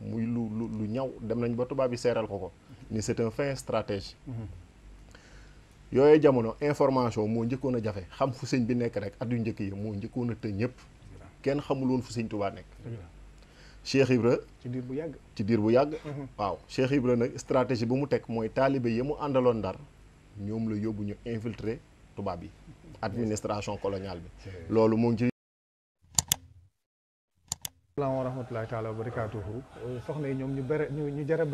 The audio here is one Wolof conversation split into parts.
mu lu lu lu ñaw dem nañ ba tubaab yi seeral ko ko ni c'est un fin stratège yooyu jamono information moo njëkkoon a jafe xam fu sëñ bi nekk rek at yu njëkk yi moo njëkkoon a tëj ñëpp kenn xamul woon fu sëñ Tuubaa nekk Cheikh Ibra ci diir bu yàgg ci diir bu yàgg mhm. waaw Cheikh Ibra nag stratégie ba mu teg mooy taalibe yi mu àndaloon ndar ñoom la yóbbu ñu infiltrer tubaab yi administration coloniale bi loolu moo ngi salaamaaleykum wa rahmatulaahi taala wa barakaatuhu soxna yi ñoom ñu bere ñu ñu mm-hmm.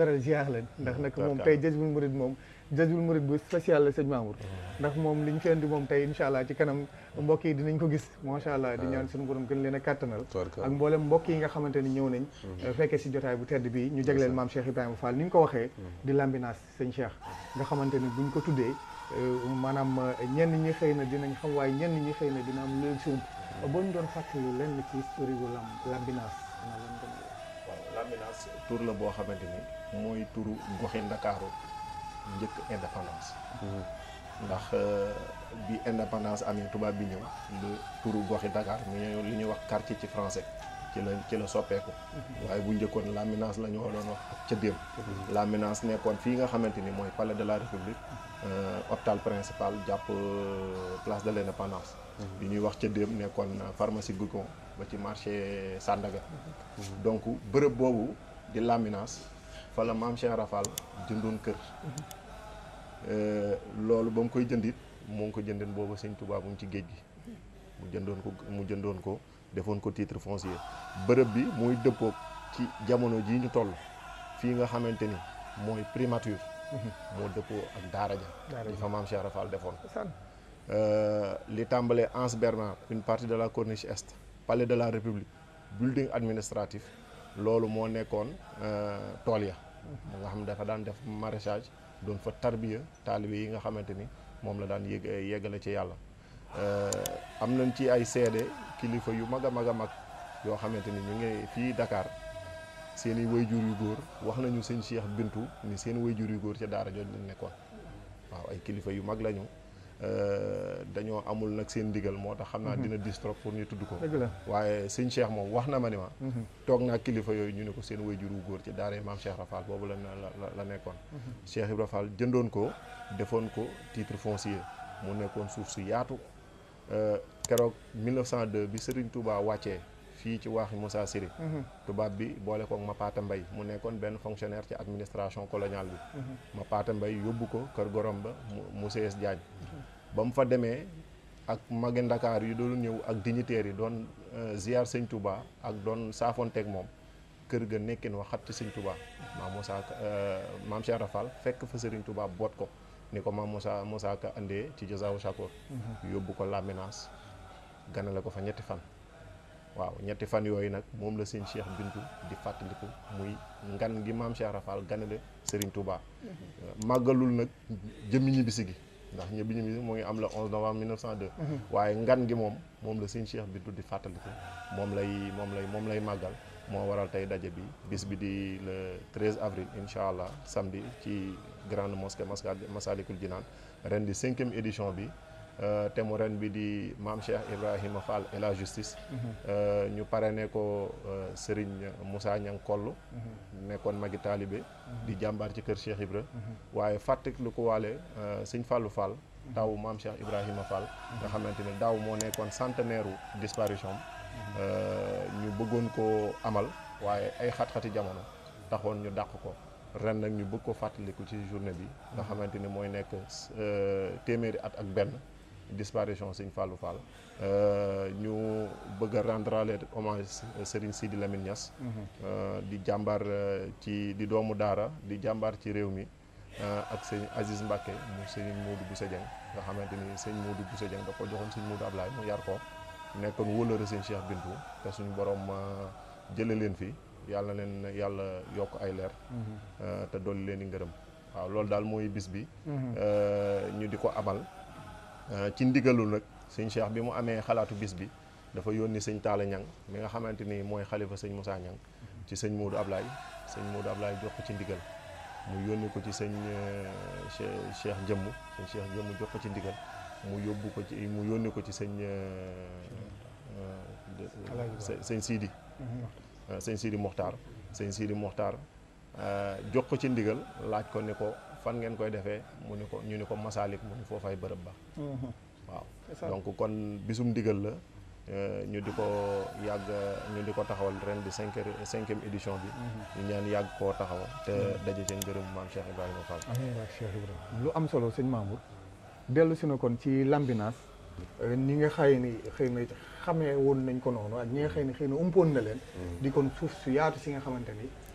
la sëñ Mamour mm-hmm. ndax moom li ñu fi andi moom tey incha allah ci kanam mbokk yi dinañ ko mm-hmm. a kàttanal ak nga xamante ni ñëw nañ eh, fekkee si jotaay bu tedd ni ñu ko waxee di lambinaas sëñ Cheikh nga xamante ni buñ ko tuddee eh, maanaam eh, ñenn ñi xëy na dinañ xam waaye ñenn ñi xëy na di am loolu sumb boo ñu doon fàttali lenn ci histoire bu Lambinaas tur la boo xamante ni mooy turu goxi Ndakaaru njëkk indépendance mhm. ndax euh, bi indépendance amee tubaab bi ñëw lu turu goxi Dakar mu li ñuy wax quartier ci français ci la ci la soppeeku mhm. waaye bu njëkkoon Lambinaas la ñu doon wax ak ca démb mhm. Lambinaas nekkoon fii nga xamante ni mooy palais de la république euh, hôpital principal jàpp euh, place de l'indépendance yu ñuy wax ca déem nekkoon pharmacie ko ba ci marché Sandaga donc bërëb boobu di Laminas fa la maam Cheikh Rafal jëndoon kër euh, loolu ba mu koy jëndit moo ko jëndin boobu sëñ Tuubaa mu ci géej gi mu jëndoon ko mu jëndoon ko defoon ko titre foncier bërëb bi muy dëppoo ci jamono jii ñu toll fii nga xamante ni mooy primature mhm. moo dëppoo ak daara ja di fa maam Cheikh Rafal defoon Euh, li tàmbalee Anse Bernard une partie de la corniche est palais de la république building administratif loolu moo nekkoon euh, tool ya mu nga xam dafa daan def maraîchage doon fa tarbiya taalibe yi nga xamante ni moom la daan yég yeggale ci yàlla euh, am nañ ci ay seede kilifa yu mag a mag a mag yoo xamante ni ñu ngi fii dakaar seen i wayjur yu góor wax nañu sëñ Cheikh Bintu ni seen jur yu góor ca daara jooju lañ nekkoon waaw ay kilifa yu mag lañu Euh, dañoo amul nag seen digal moo tax xam naa mhm. dina dis trop pour ñu tudd ko waaye sëñ Cheikh moom wax na ma ni ma mhm. toog naa kilifa yooyu ñu ne ko seen wayjur wu góor ci daara maam Cheikh Rafal boobu la la nekkoon seex mhm. Ibra Fall jëndoon ko defoon ko titre foncier mu nekkoon suuf su yaatu euh, keroog 1902 bi Serigne Touba wàccee fii ci waax Moussa Siri mhm. tubaab bi boole ma paata Mbay mu nekkoon benn fonctionnaire ci administration coloniale bi mhm. paata Mbay yóbbu ko kër gorom ba mu monsieur Diagne mhm. ba mu fa demee ak magi Ndakaar yu doon ñëw ak dignitaires yi doon euh, ziar sëñ Touba ak doon saafonteeg moom kër ga nekkin wax xat ci sëñ Touba maam Moussa euh, maam Cheikh Rafal fekk fa sëriñ Touba boot ko ni ko maam Moussa Moussa Ka ci Jazawu Chakour yóbbu ko La Ménage ganale ko fa ñetti fan waaw ñetti fan yooyu nag moom la sëñ Cheikh Bintu di fàttaliku muy ngan gi maam Cheikh Rafal ganale Serigne Touba. Mhm. màggalul nag jëmmi ñibbisi gi ndax ñëbbi ñibbisi moo ngi am le 11 novembre mhm. waaye ngan gi moom moom la sëñ Cheikh Bintu di fàttaliku moom lay moom lay moom lay màggal. moo waral tey daje bi bis bi di le 13 avril incha allah samedi ci grande mosquée Massalikul Jinaan ren di cinquième édition bi. Euh, te mu ren bi di maam Cheikh Ibrahima Fall et la justice. Euh, ñu ne ko euh, Serigne Moussa Niang Kollu. nekkoon magi taalibe. di jàmbaar ci kër Cheikh Ibra. waaye fàttali ko waale sëñ Fallou Fall. daaw maam Cheikh Ibrahima Fall. nga xamante ne daaw moo nekkoon centenaire u disparition ñu bëggoon ko amal waaye ay xat-xati jamono taxoon ñu dàq ko ren nag ñu bëgg ko fàttaliku ci journée bi. nga xamante ni mooy nekk téeméeri at ak benn. disparition sëñ Fallou Fall euh, ñu bëgg a rendrale hommage Serigne Sidi Lamine Niass mhm. euh, di jàmbaar euh, ci di doomu daara di jàmbaar ci réew mi ak sëñ Aziz Mbacke mu sëñ Moudou Boussa Dieng nga xamante ni sëñ Moudou Boussa Dieng da ko joxoon sëñ Moudou Ablaye mu yar ko nekkoon wóllëre sëñ Cheikh Bintou te suñu borom jële leen fi yàlla leen yàlla yokk ay leer mhm. te dolli leen i ngërëm waaw loolu daal mooy bis bi mhm. ñu di ko abal Euh, ci ndigalu nag sëñ Cheikh bi mu amee xalaatu bis bi dafa yónni sëñ Talla ñaŋ mi nga xamante ni mooy xalifa sëñ Moussa Niang ci sëñ Modou Ablaye sëñ Modou Ablaye jox ko ci ndigal mu yónni ko ci sëñ euh, Cheikh Jëmm sëñ Cheikh Jëmm jox ko ci ndigal mu yóbbu ko ci mu yónni ko ci sëñ euh, sëñ siidi sëñ Sidi Mokhtar sëñ Sidi Mokhtar jox ko ci ndigal laaj ko ne ko fan ngeen koy defee mu ni ko ñu ni ko masaalik mu ni foofay bërëb ba mm-hmm. waaw donc kon bisum ndigal la euh, ñu di ko yàgg ñu di ko taxawal ren di cinq cinquième édition bi mm-hmm. ñu ñaan yàgg koo taxawal te mm-hmm. daje seen gërëm maam Cheikh Ibrahima Fall amiin waay lu am solo sëñ Mamour dellu si na kon ci lambinaas ñi euh, nga xëy ni xëy na xamee woon nañ ko noonu ak ñi nga xëy ni xëy na umpoon na leen di kon suuf su yaatu si nga xamante ni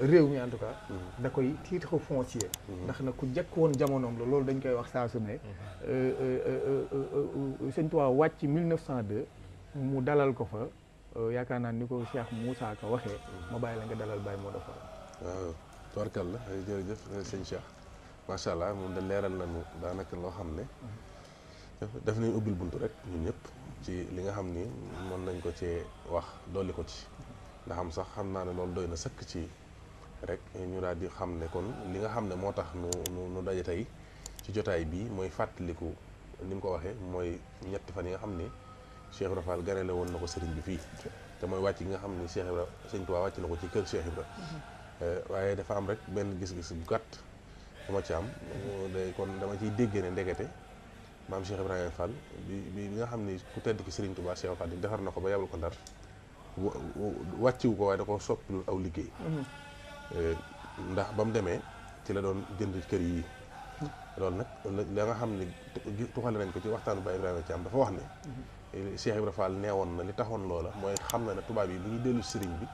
réew mi en tout cas mm-hmm. da koy titre foncier mm-hmm. ndax na ku jëkk woon jamonoom la loolu dañ koy wax saa su ne mm-hmm. euh, euh, euh, sëñ Tuubaa wàcc 1902 mu dalal ko fa yaakaar naa ni ko Cheikh Moussa Ka waxee ma bàyyi la nga dalal Baye moo Fall waaw tubarkal la jërëjëf sëñ Cheikh macha allah moom de leeral nañu daanaka loo xam ne daf nañ ubbil bunt rek ñun ñëpp ci li nga xam ni moom nañ ko cee wax dolli ko ci ndax sax xam naa ne loolu doy na sakk ci rek ñu daal di xam ne kon li nga xam ne moo tax nu nu daje tey ci jotaay bii mooy fàttaliku ni mu ko waxee mooy ñetti fan yi nga xam ne Cheikh Ibra Fall ganale woon na ko sëriñ bi fii te wàcc gi nga xam ne Cheikh Ibra sëriñ Tuubaa wàcc na ko ci kër Cheikh Ibra mm-hmm. eh, waaye dafa am rek benn gis-gis bu gàtt dama ci am kon dama ciy dégg ne ndekete maam Cheikh Ibrahima fan bi bi nga xam ne ku tedd ki Serigne Touba Cheikh Fall defar na ko ba yabal ko ndar wàcciwu ko waaye da ko soppilu aw liggéey mm-hmm. Euh, ndax ba mu demee ci la doon jënd kër yi loolu nag la nga xam ne tuxale nañ ko ci waxtaanu ba ci am dafa wax ne Cheikh Ibrahima Fall neewoon na li taxoon loola mooy xam na ne tubaab yi bu ñu dellu sëriñ bi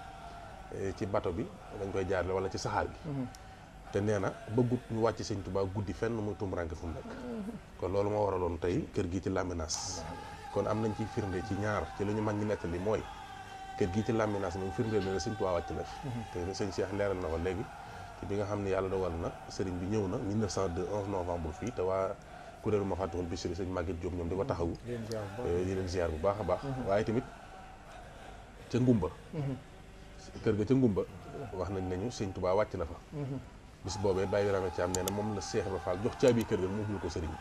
euh, ci bato bi dañ koy jaarale wala ci saxaar gi mhm. te nee na bëggut ñu wàcc sëñ tubaab guddi fenn muy tumurànke fu mu nekk mhm. kon loolu moo waraloon tey kër gi ci Lambinaas kon am nañ ci firnde ci ñaar ci li ñu mag ñi nettali mooy kër gi ci Lambinaas moom firndeel na ne sëñ Tuubaa wàcc na fi mhm. te sëñ na ko léegi bi nga xam ne yàlla dogal na sëriñ bi ñëw na 1902 11 novembre fii te waa kuréelu ma fàttewul bi sëriñ Maguette Diop ñoom di ko taxawu di leen ziar bu baax eh, a baax mhm. waaye tamit ca ngumba mhm. kër ga ca ngumba wax nañ nañu sëñ Tuubaa wàcc na fa bis boobee Baye Birame Thiam nee na moom la Cheikh Ibra Fall jox caabi kër ga mu ubbil ko sëriñ bi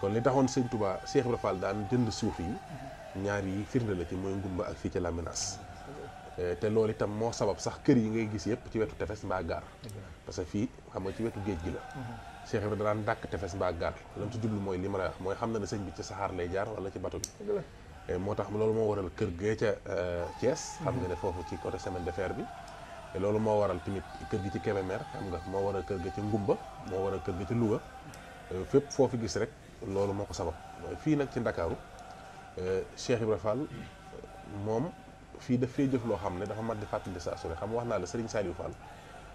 kon li taxoon sëñ Tuubaa Cheikh Ibra Fall daan jënd suuf yi ñaar yi firnde la ci mooy ngumba ak fii ci la eh, te loolu itam moo sabab sax kër yi ngay gis yëpp ci wetu tefes mbaa gaar parce que fii xam nga ci wetu géej gi la Cheikh Ibrahima daan dàkk tefes mbaa gaar lam ci jublu mooy li ma lay mooy xam na ne sëñ bi ci saxaar lay jaar wala ci bato bi eh, moo tax loolu moo waral kër gee ca eh, Thiès xam nga ne foofu ci côté semaine de fer bi loolu moo waral tamit kër gi ci Kébémer xam nga moo waral kër gi ci Ngumba moo waral kër gi ci Louga fépp foo gis rek loolu moo ko sabab fii nag ci Ndakaaru Cheikh ibrahim Fall mom fi da fay def lo xamne dafa mad fatali sa sore xam waxna la Serigne Saliou Fall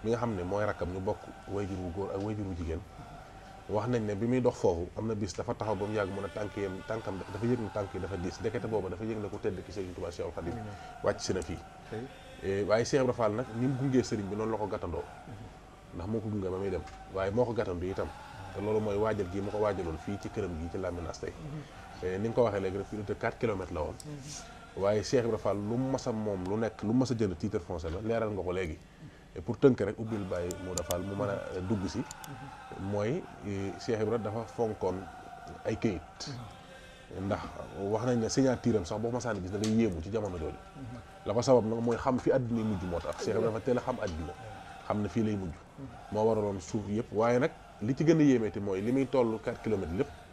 mi nga xamne moy rakam ñu bokk wayjur wu góor ak wayjur wu jigéen wax nañ ne bi muy dox fofu amna bis dafa taxaw ba mu yàgg mun a tànk tànkam dafa yëg na tanki dafa dis dekete bobu dafa yëg na ko tedd ki Serigne Touba Cheikh Khadim wàcc si na e waye Cheikh ibrahim Fall nak nim gungé Serigne bi non la ko gatando ndax moko gunge bamay dem waye moko gatando itam lolu moy wajjal gi moko wajjalon fi ci kërëm gi ci Lamine Ass ni nga ko waxee léegi rek unité 4 km la won waye Cheikh ibrahima Fall lu mas a moom lu nek lu mas a jënd titre français la leral nga ko legui et pour teunk rek ubbil bàyyi Modou Fall mu meuna dugg ci moy Cheikh ibrahima dafa fonkon ay këyit ndax wax nañ la signature am sax boo masaan gis da lay yému ci jamono jooju la ko sabab nak moy xam fi àddina mujj motax Cheikh ibrahima dafa teel a xam àddina xam na fi lay mujj mo waralon souf yëpp waye nak li ci gëna yémé té moy li tollu 4 km lépp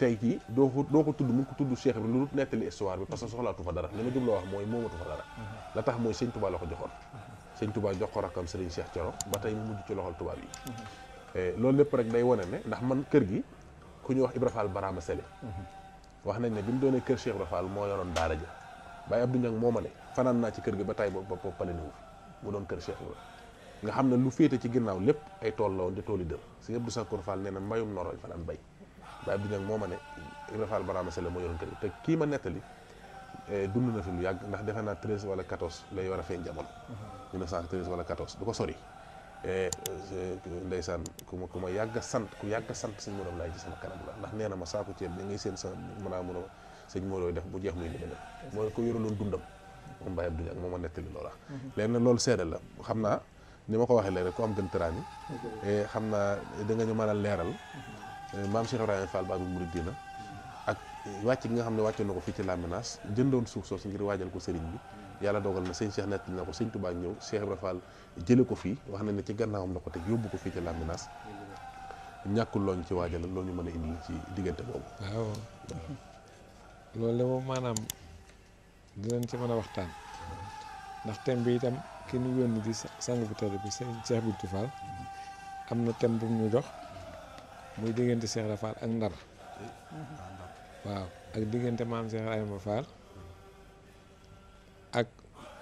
tey jii doo ko ko tudd mu ko tudd Cheikh Ibrahima lu dul nettali histoire bi parce que soxlaatu fa dara li ma jubloo wax mooy moomatu fa dara mhm. la tax mooy sëñ Touba la ko joxoon mhm. sëñ Touba jox ko rakkam Serigne Cheikh Thioro ba tey mu mujj ci loxol tubaab yi mhm. eh, loolu lépp rek day wane ne ndax man kër gi ku ñuy wax Ibra Fall Barama Sele wax nañ ne bi mu doonee kër Cheikh Ibra Fall moo yoroon daara ja Baye Abdou Niang moo ma ne fanaan naa ci kër gi ba tey ba ba pale newu fi kër Cheikh nga xam ne lu féete ci ginnaaw lépp ay tool la woon di tooli dër si Abdou Sakkour Fall nee na mbayum noroñ fanaan Baye Abdou nag moo ma ne Ibra Fall Barama Sele moo te kii ma nettali eh, dund na fi lu yàgg ndax defe naa 13 wala 14 lay war a feeñ jamono. 1913 mhm. wala 14 du ko sori. Eh, ndeysaan ku ma ku ma yàgg sant ku yàgg sant sëñ Modou Abdoulaye sama kanam la ndax nee na ma saako ceeb ngay seen sa a mën a sëñ def bu jeex muy moo ko yoraloon dundam. moom Baye Abdou ak moom a nettali loola. Mhm. léegi nag loolu seede la xam naa ni ma ko waxee léegi rek ku am gën tëraan eh, xam naa danga ñu man a leeral. Mhm. maam Cheikh Ibrahima mu Baabul Muridiina ak wàcc gi nga xam ne wàccoon na ko fii ci La Ménace jëndoon suuf soosu ngir waajal ko sëriñ bi yàlla dogal na sëñ Cheikh nett na ko sëñ Touba ñëw Cheikh Ibrahima Fall jële ko fii wax nañ ne ci gannaawam la ko teg yóbbu ko fii ci La Ménace ñàkkul looñ ci waajalal loo ñu mën a indi ci diggante boobu loolu la moom maanaam dinañ ci mën a waxtaan ndax thème bi itam ki ñu yónni di sang bu tedd bi sëñ Cheikh Bintou am na thème bu mu jox muy diggante Cheikh Ibra Fall ak Ndar waaw ak diggante maam Cheikh Ibra Fall ak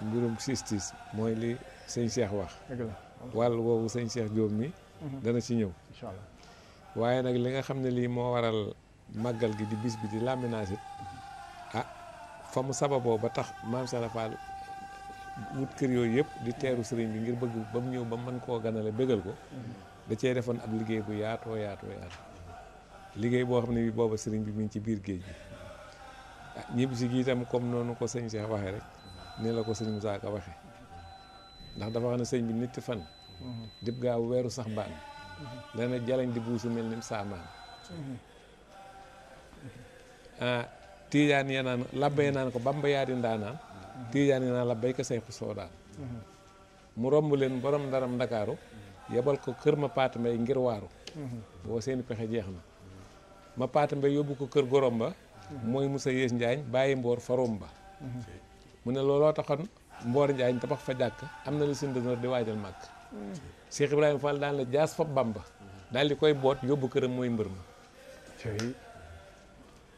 mbirum justice mooy li sëñ Cheikh wax wàll woowu sëñ Cheikh Diop mi mhm. dana ci ñëw waaye nag li nga xam ne lii moo waral màggal gi di bis bi di laminage it ah fa mu sababoo ba tax maam Cheikh Ibra wut kër yooyu yëpp di teeru sëriñ bi ngir bëgg ba mu ñëw ba mën koo ganale bégal ko mhm. da cee defoon ab liggéey bu yaatoo yaatoo yaatoo liggéey boo xam ne bi booba sëriñ bi mu ngi ci biir géej gi ah ñibbi si gi itam comme noonu ko sëñ Cheikh waxee rek ne la ko sëñ Moussa Ka waxee ndax dafa xam ne sëñ bi nit fan mhm. dib gaaw weeru sax mbaan mhm. dana jalañ di buusu mel ni saamaan mhm. ah tiijaan ya naan labba naan ko bamba yaa di ndaanaan tiijaan ya naan labbay ko say xusoo daan mu romb leen borom ndaram ndakaaru yebal ko kër ma paata ngir waaru boo seeni pexe jeex na ma paata mbay yóbbu ko kër gorom ba mooy Moussa Yées Njaañ bàyyi mboor faroom ba mu ne looloo taxoon mboor Njaañ tabax fa jàkk am na lu sin di waajal màgg Cheikh Ibrahima Fall daan la jaas fa Bamba daal di koy boot yóbbu këram mooy mbër ma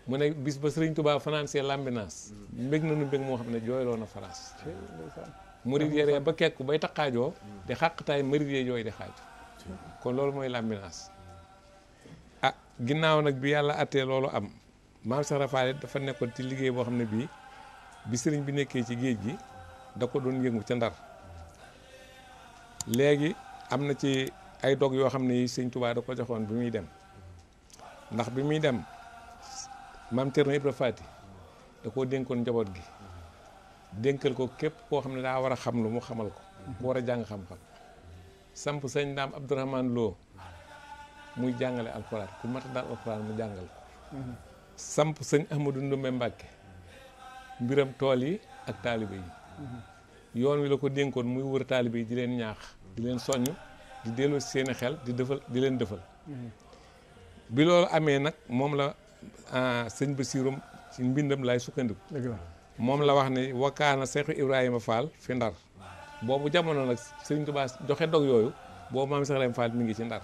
mu ne bis ba Sëriñ Tuubaa fanaan see lambinaas mbég na nu mbég moo xam ne jooyloo na faraas murid yaree ba kekku bay taqaajoo di xàqtaay murid yee jooy di xaaju kon loolu mooy làmbinaas ah ginnaaw nag bi yàlla attee loolu am maam Cheikh Rafaal dafa nekkoon ci liggéey boo xam ne bii bi sëriñ bi nekkee ci géej gi da ko doon yëngu ca ndar léegi am na ci ay dog yoo xam ne yi sëñ da ko joxoon bi muy dem ndax bi muy dem maam Thierno Ibra Faati da koo dénkoon njaboot gi dénkal ko képp koo xam ne daa war a xam lu mu xamal ko ku war a jàng xam-xam samp sëñ daam Abdourahman Lo muy jàngale alxuraan ku mat daal alxuraan mu jàngal ko samp sëñ Ahmadou Ndumbe Mbàkke mbiram tool yi ak taalibe yi yoon wi la ko dénkoon muy wër taalibe yi di leen ñaax di leen soññ di delloo seeni xel di defal di leen defal bi loolu amee nag moom la ah, sëñ Basiirum ci mbindam laay sukkandiku moom la wax ne wakkaana Seexu Ibrahima Fall fi ndar boobu jamono nag Sëriñ Tuubaa joxe dog yooyu boobu maam Seex Ibrahima Fall ngi ci ndar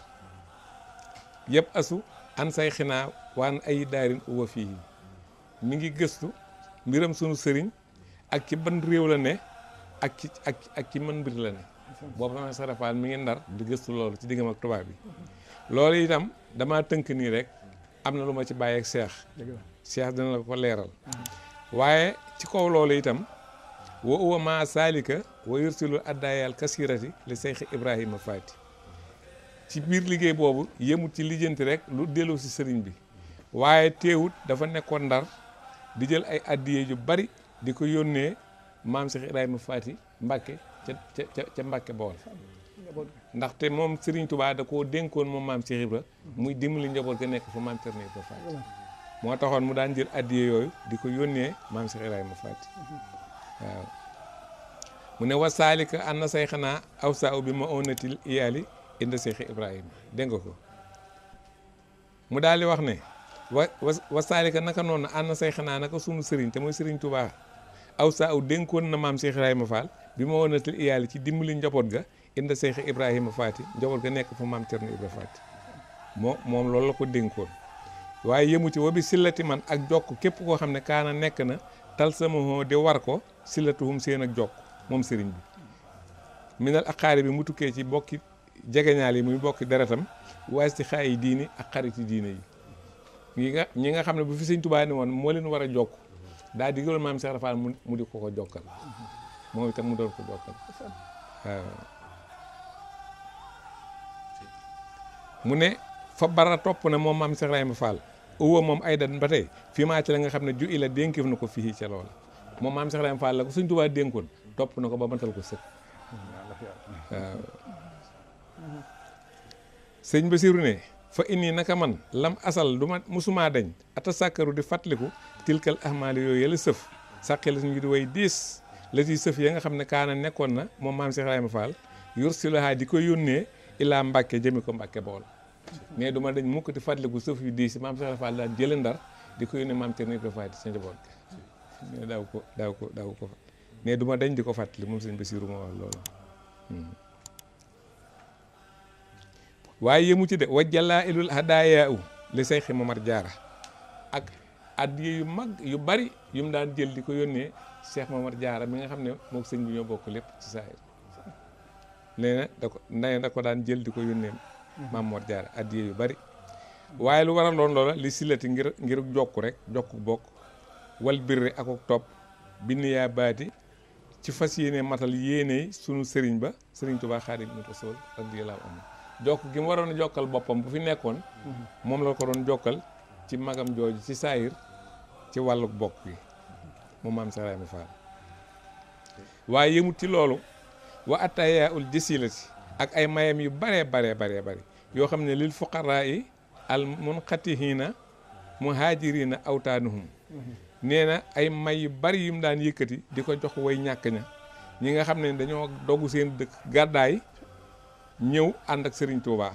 yëpp asu an say xinaa waan ay daarin uwa ngi gëstu mbiram sunu sëriñ ak ki ban réew la ne ak ci ak ak ci man mbir la ne boobu maam Seex Ibrahima Fall mi ngi ndar di gëstu loolu ci diggam ak tubaab bi loolu itam damaa tënk nii rek am na lu ma ci bàyyeeg Seex Seex dina la ko leeral waaye ci kaw loolu itam wa uwa ma salika wa yursilu addaayal kasirati li seyxi ibrahima faati ci biir liggéey boobu yemut ci lijjanti rek lu dellu si sëriñ bi waaye teewut dafa nekkoon ndar di jël ay addiye yu bari di ko yónnee maam Cheikh Ibrahima Faati Mbàkke ca ca ca Mbàkke Bawol ndaxte moom sëriñ Touba da koo dénkoon moom maam Cheikh Ibra muy dimbali njaboot ga nekk fa maam Cerno Ibra Faati moo taxoon mu daan jël addiye yooyu di ko yónnee maam Cheikh Ibrahima waaw mu ne wasaalika anna say xanaa aw saa u bi ma onatil iyaali inda Cheikh Ibrahima dégg nga ko mu daal di wax ne wa wasaalika naka noonu ànd say xanaa naka sunu sëriñ te mooy sëriñ Tuubaa aw saa u dénkoon na maam Cheikh Ibrahima bi ma wonatal iyaali ci dimbali njaboot ga inda Cheikh Ibrahima Faty njaboot ga nekk fa maam Thierno Ibrahima Faty moom loolu la ko dénkoon waaye yëmu ci wa bi sillati man ak jokk képp koo xam ne kaana nekk na tal sama di war ko sillatuhum seen ak jokk moom sëriñ bi minal ak xaari bi mu tukkee ci bokki jegeñaal yi muy bokki deretam waas ci xaay yi diini ak diine yi ñi nga ñi nga xam ne bu fi sëñ Tuubaa ni woon moo leen war a jokk daa di gëloon maam Cheikh Rafal mu di ko ko jokkal moom itam mu doon ko jokkal mu ne fa bara topp na moom maam Cheikh Rahima Fall uwa moom ayda ba tey fii maa ci la nga xam ne ju ila na ko fii ca loola moom maam Cheikh Ibrahima Fall la ko suñ tubaa dénkoon topp na ko ba matal ko sëkk waaw sëñ Basiru ne fa inni naka man lam asal du ma musumaa dañ ata sàkkaru di fàttaliku tilkal ahmaali yooyu yëla sëf sàqi la suñu ngi di way diis la ciy ya nga xam ne kaana nekkoon na moom maam Cheikh Ibrahima Fall di ko yónnee ilaa Mbàkke jëmi ko Mbàkke bool mais duma dañ mukk di fàttaliku sëf yu diis maam Cheikh Fall daan jële ndar di ko yónnee maam Thierno Ibrahima Fall sa njaboot mais daaw ko daaw ko daaw ko duma dañ di ko fàttali moom sëñ Bassirou moo wax loolu hmm. waaye yëmu ci de wajjalaa ilul hadaaya u li say xi Momar Jaara ak addiya yu mag yu bari yu mu daan jël di ko yónnee Cheikh Momar Jaara mi nga xam ne moo sëñ bi ñoo bokk lépp ci saa yi nee na da ko na da ko daan jël di ko yónnee Mm-hmm. maam Mor Jaara addiya yu bari waaye lu waral loon loola li silati ngir ngir jokku rek jokku bokk wal birri akuk topp bind yaa baati ci fas yéene matal yéene sunu sëriñ ba sëriñ Tuubaa Xaadimu Rasuul radiyallaahu anhu jokk gi mu waroon a jokkal boppam bu fi nekkoon mm-hmm. moom la ko doon jokkal ci magam jooju ci saayir ci wàllu bokk gi mu maam Saraay mi Faal waaye yëmut ci loolu wa attayaa ul jasilati ak ay mayam yu bare baree baree bëri yoo xam ne lil fuqaraa yi al munqatihiina muhaajiriina awtaanuhum nee na ay may yu bari yum daan yëkkati di ko jox woy ñàkk ña ñi nga xam ne dañoo dogu seen dëkk gàddaay ñëw ànd ak Serigne Touba.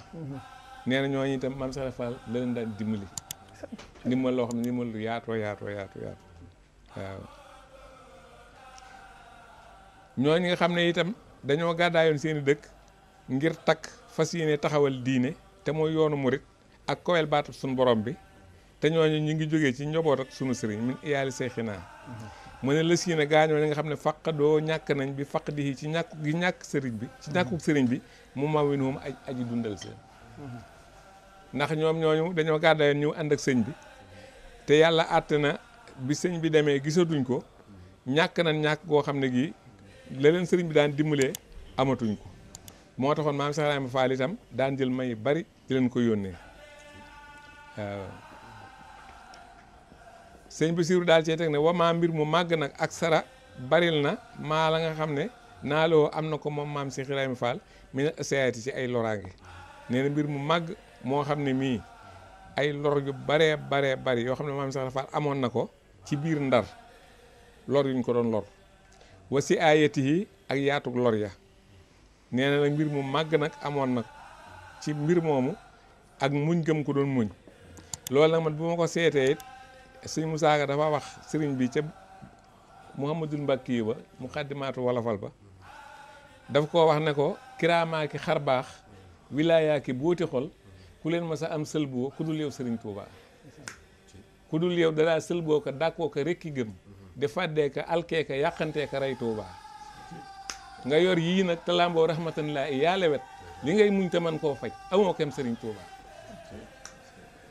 nee na lu yaatoo yaatoo yaatoo yaatoo nga xam ne itam dañoo gàddaayoon seen i dëkk. ngir takk fas yéene taxawal diine te mooy yoonu murit ak kowel baatu suñu borom bi te ñooñu ñu ngi jógee ci njaboot ak sunu sëriñ min iyaali say xinaa mu ne lës yi ne gaañoo nga xam ne faq ñàkk nañ bi faq di ci ñàkk gi ñàkk sëriñ bi ci ñàkkuk sëriñ bi mu ma win moom aj aji dundal seen ñoom ñooñu dañoo gàddayoon ñu ànd ak sëñ bi te yàlla àtte na bi sëñ bi demee gisatuñ ko ñàkk nañ ñàkk goo xam ne gii la leen sëriñ bi daan dimbalee amatuñ ko moo taxoon maam Cheikh Ibrahima Fall itam daan jël may bari di ko yónnee waaw euh, sëñ Basiiru daal cee teg wa maa mbir mu màgg nag ak sara baril na maa la nga xam ne naa loo am na ko moom maam Cheikh Ibrahima Fall mi ne seyaati ay loraange nee mbir mu màgg moo xam ne mii ay lor yu bare bare bari yoo xam ne maam Cheikh Fall amoon na ko ci biir ndar lor yuñ ko doon lor wa si aayati yi ak yaatug lor ya nee na nag mbir mu màgg nag amoon nag ci mbir moomu ak muñ gëm ko doon muñ loolu nag ma bu ma ko seetee it sëñ Moussa Ka dafa wax sëriñ bi ca Mouhamadul Mbakki ba mu wolofal ba daf koo wax ne ko kiraamaa ki xar baax wilaayaa ki booti xol ku leen ma sa am sëlboo ku dul yow sëriñ Touba ku dul yow sëlboo ko dàkkoo ko rekki gëm di fàddee ko alkee ko yàqantee ko rey Touba nga yor yii nag te làmboo rahmatan laa i yaale wet li ngay muñ te man koo faj amoo kem sëriñ Tuuba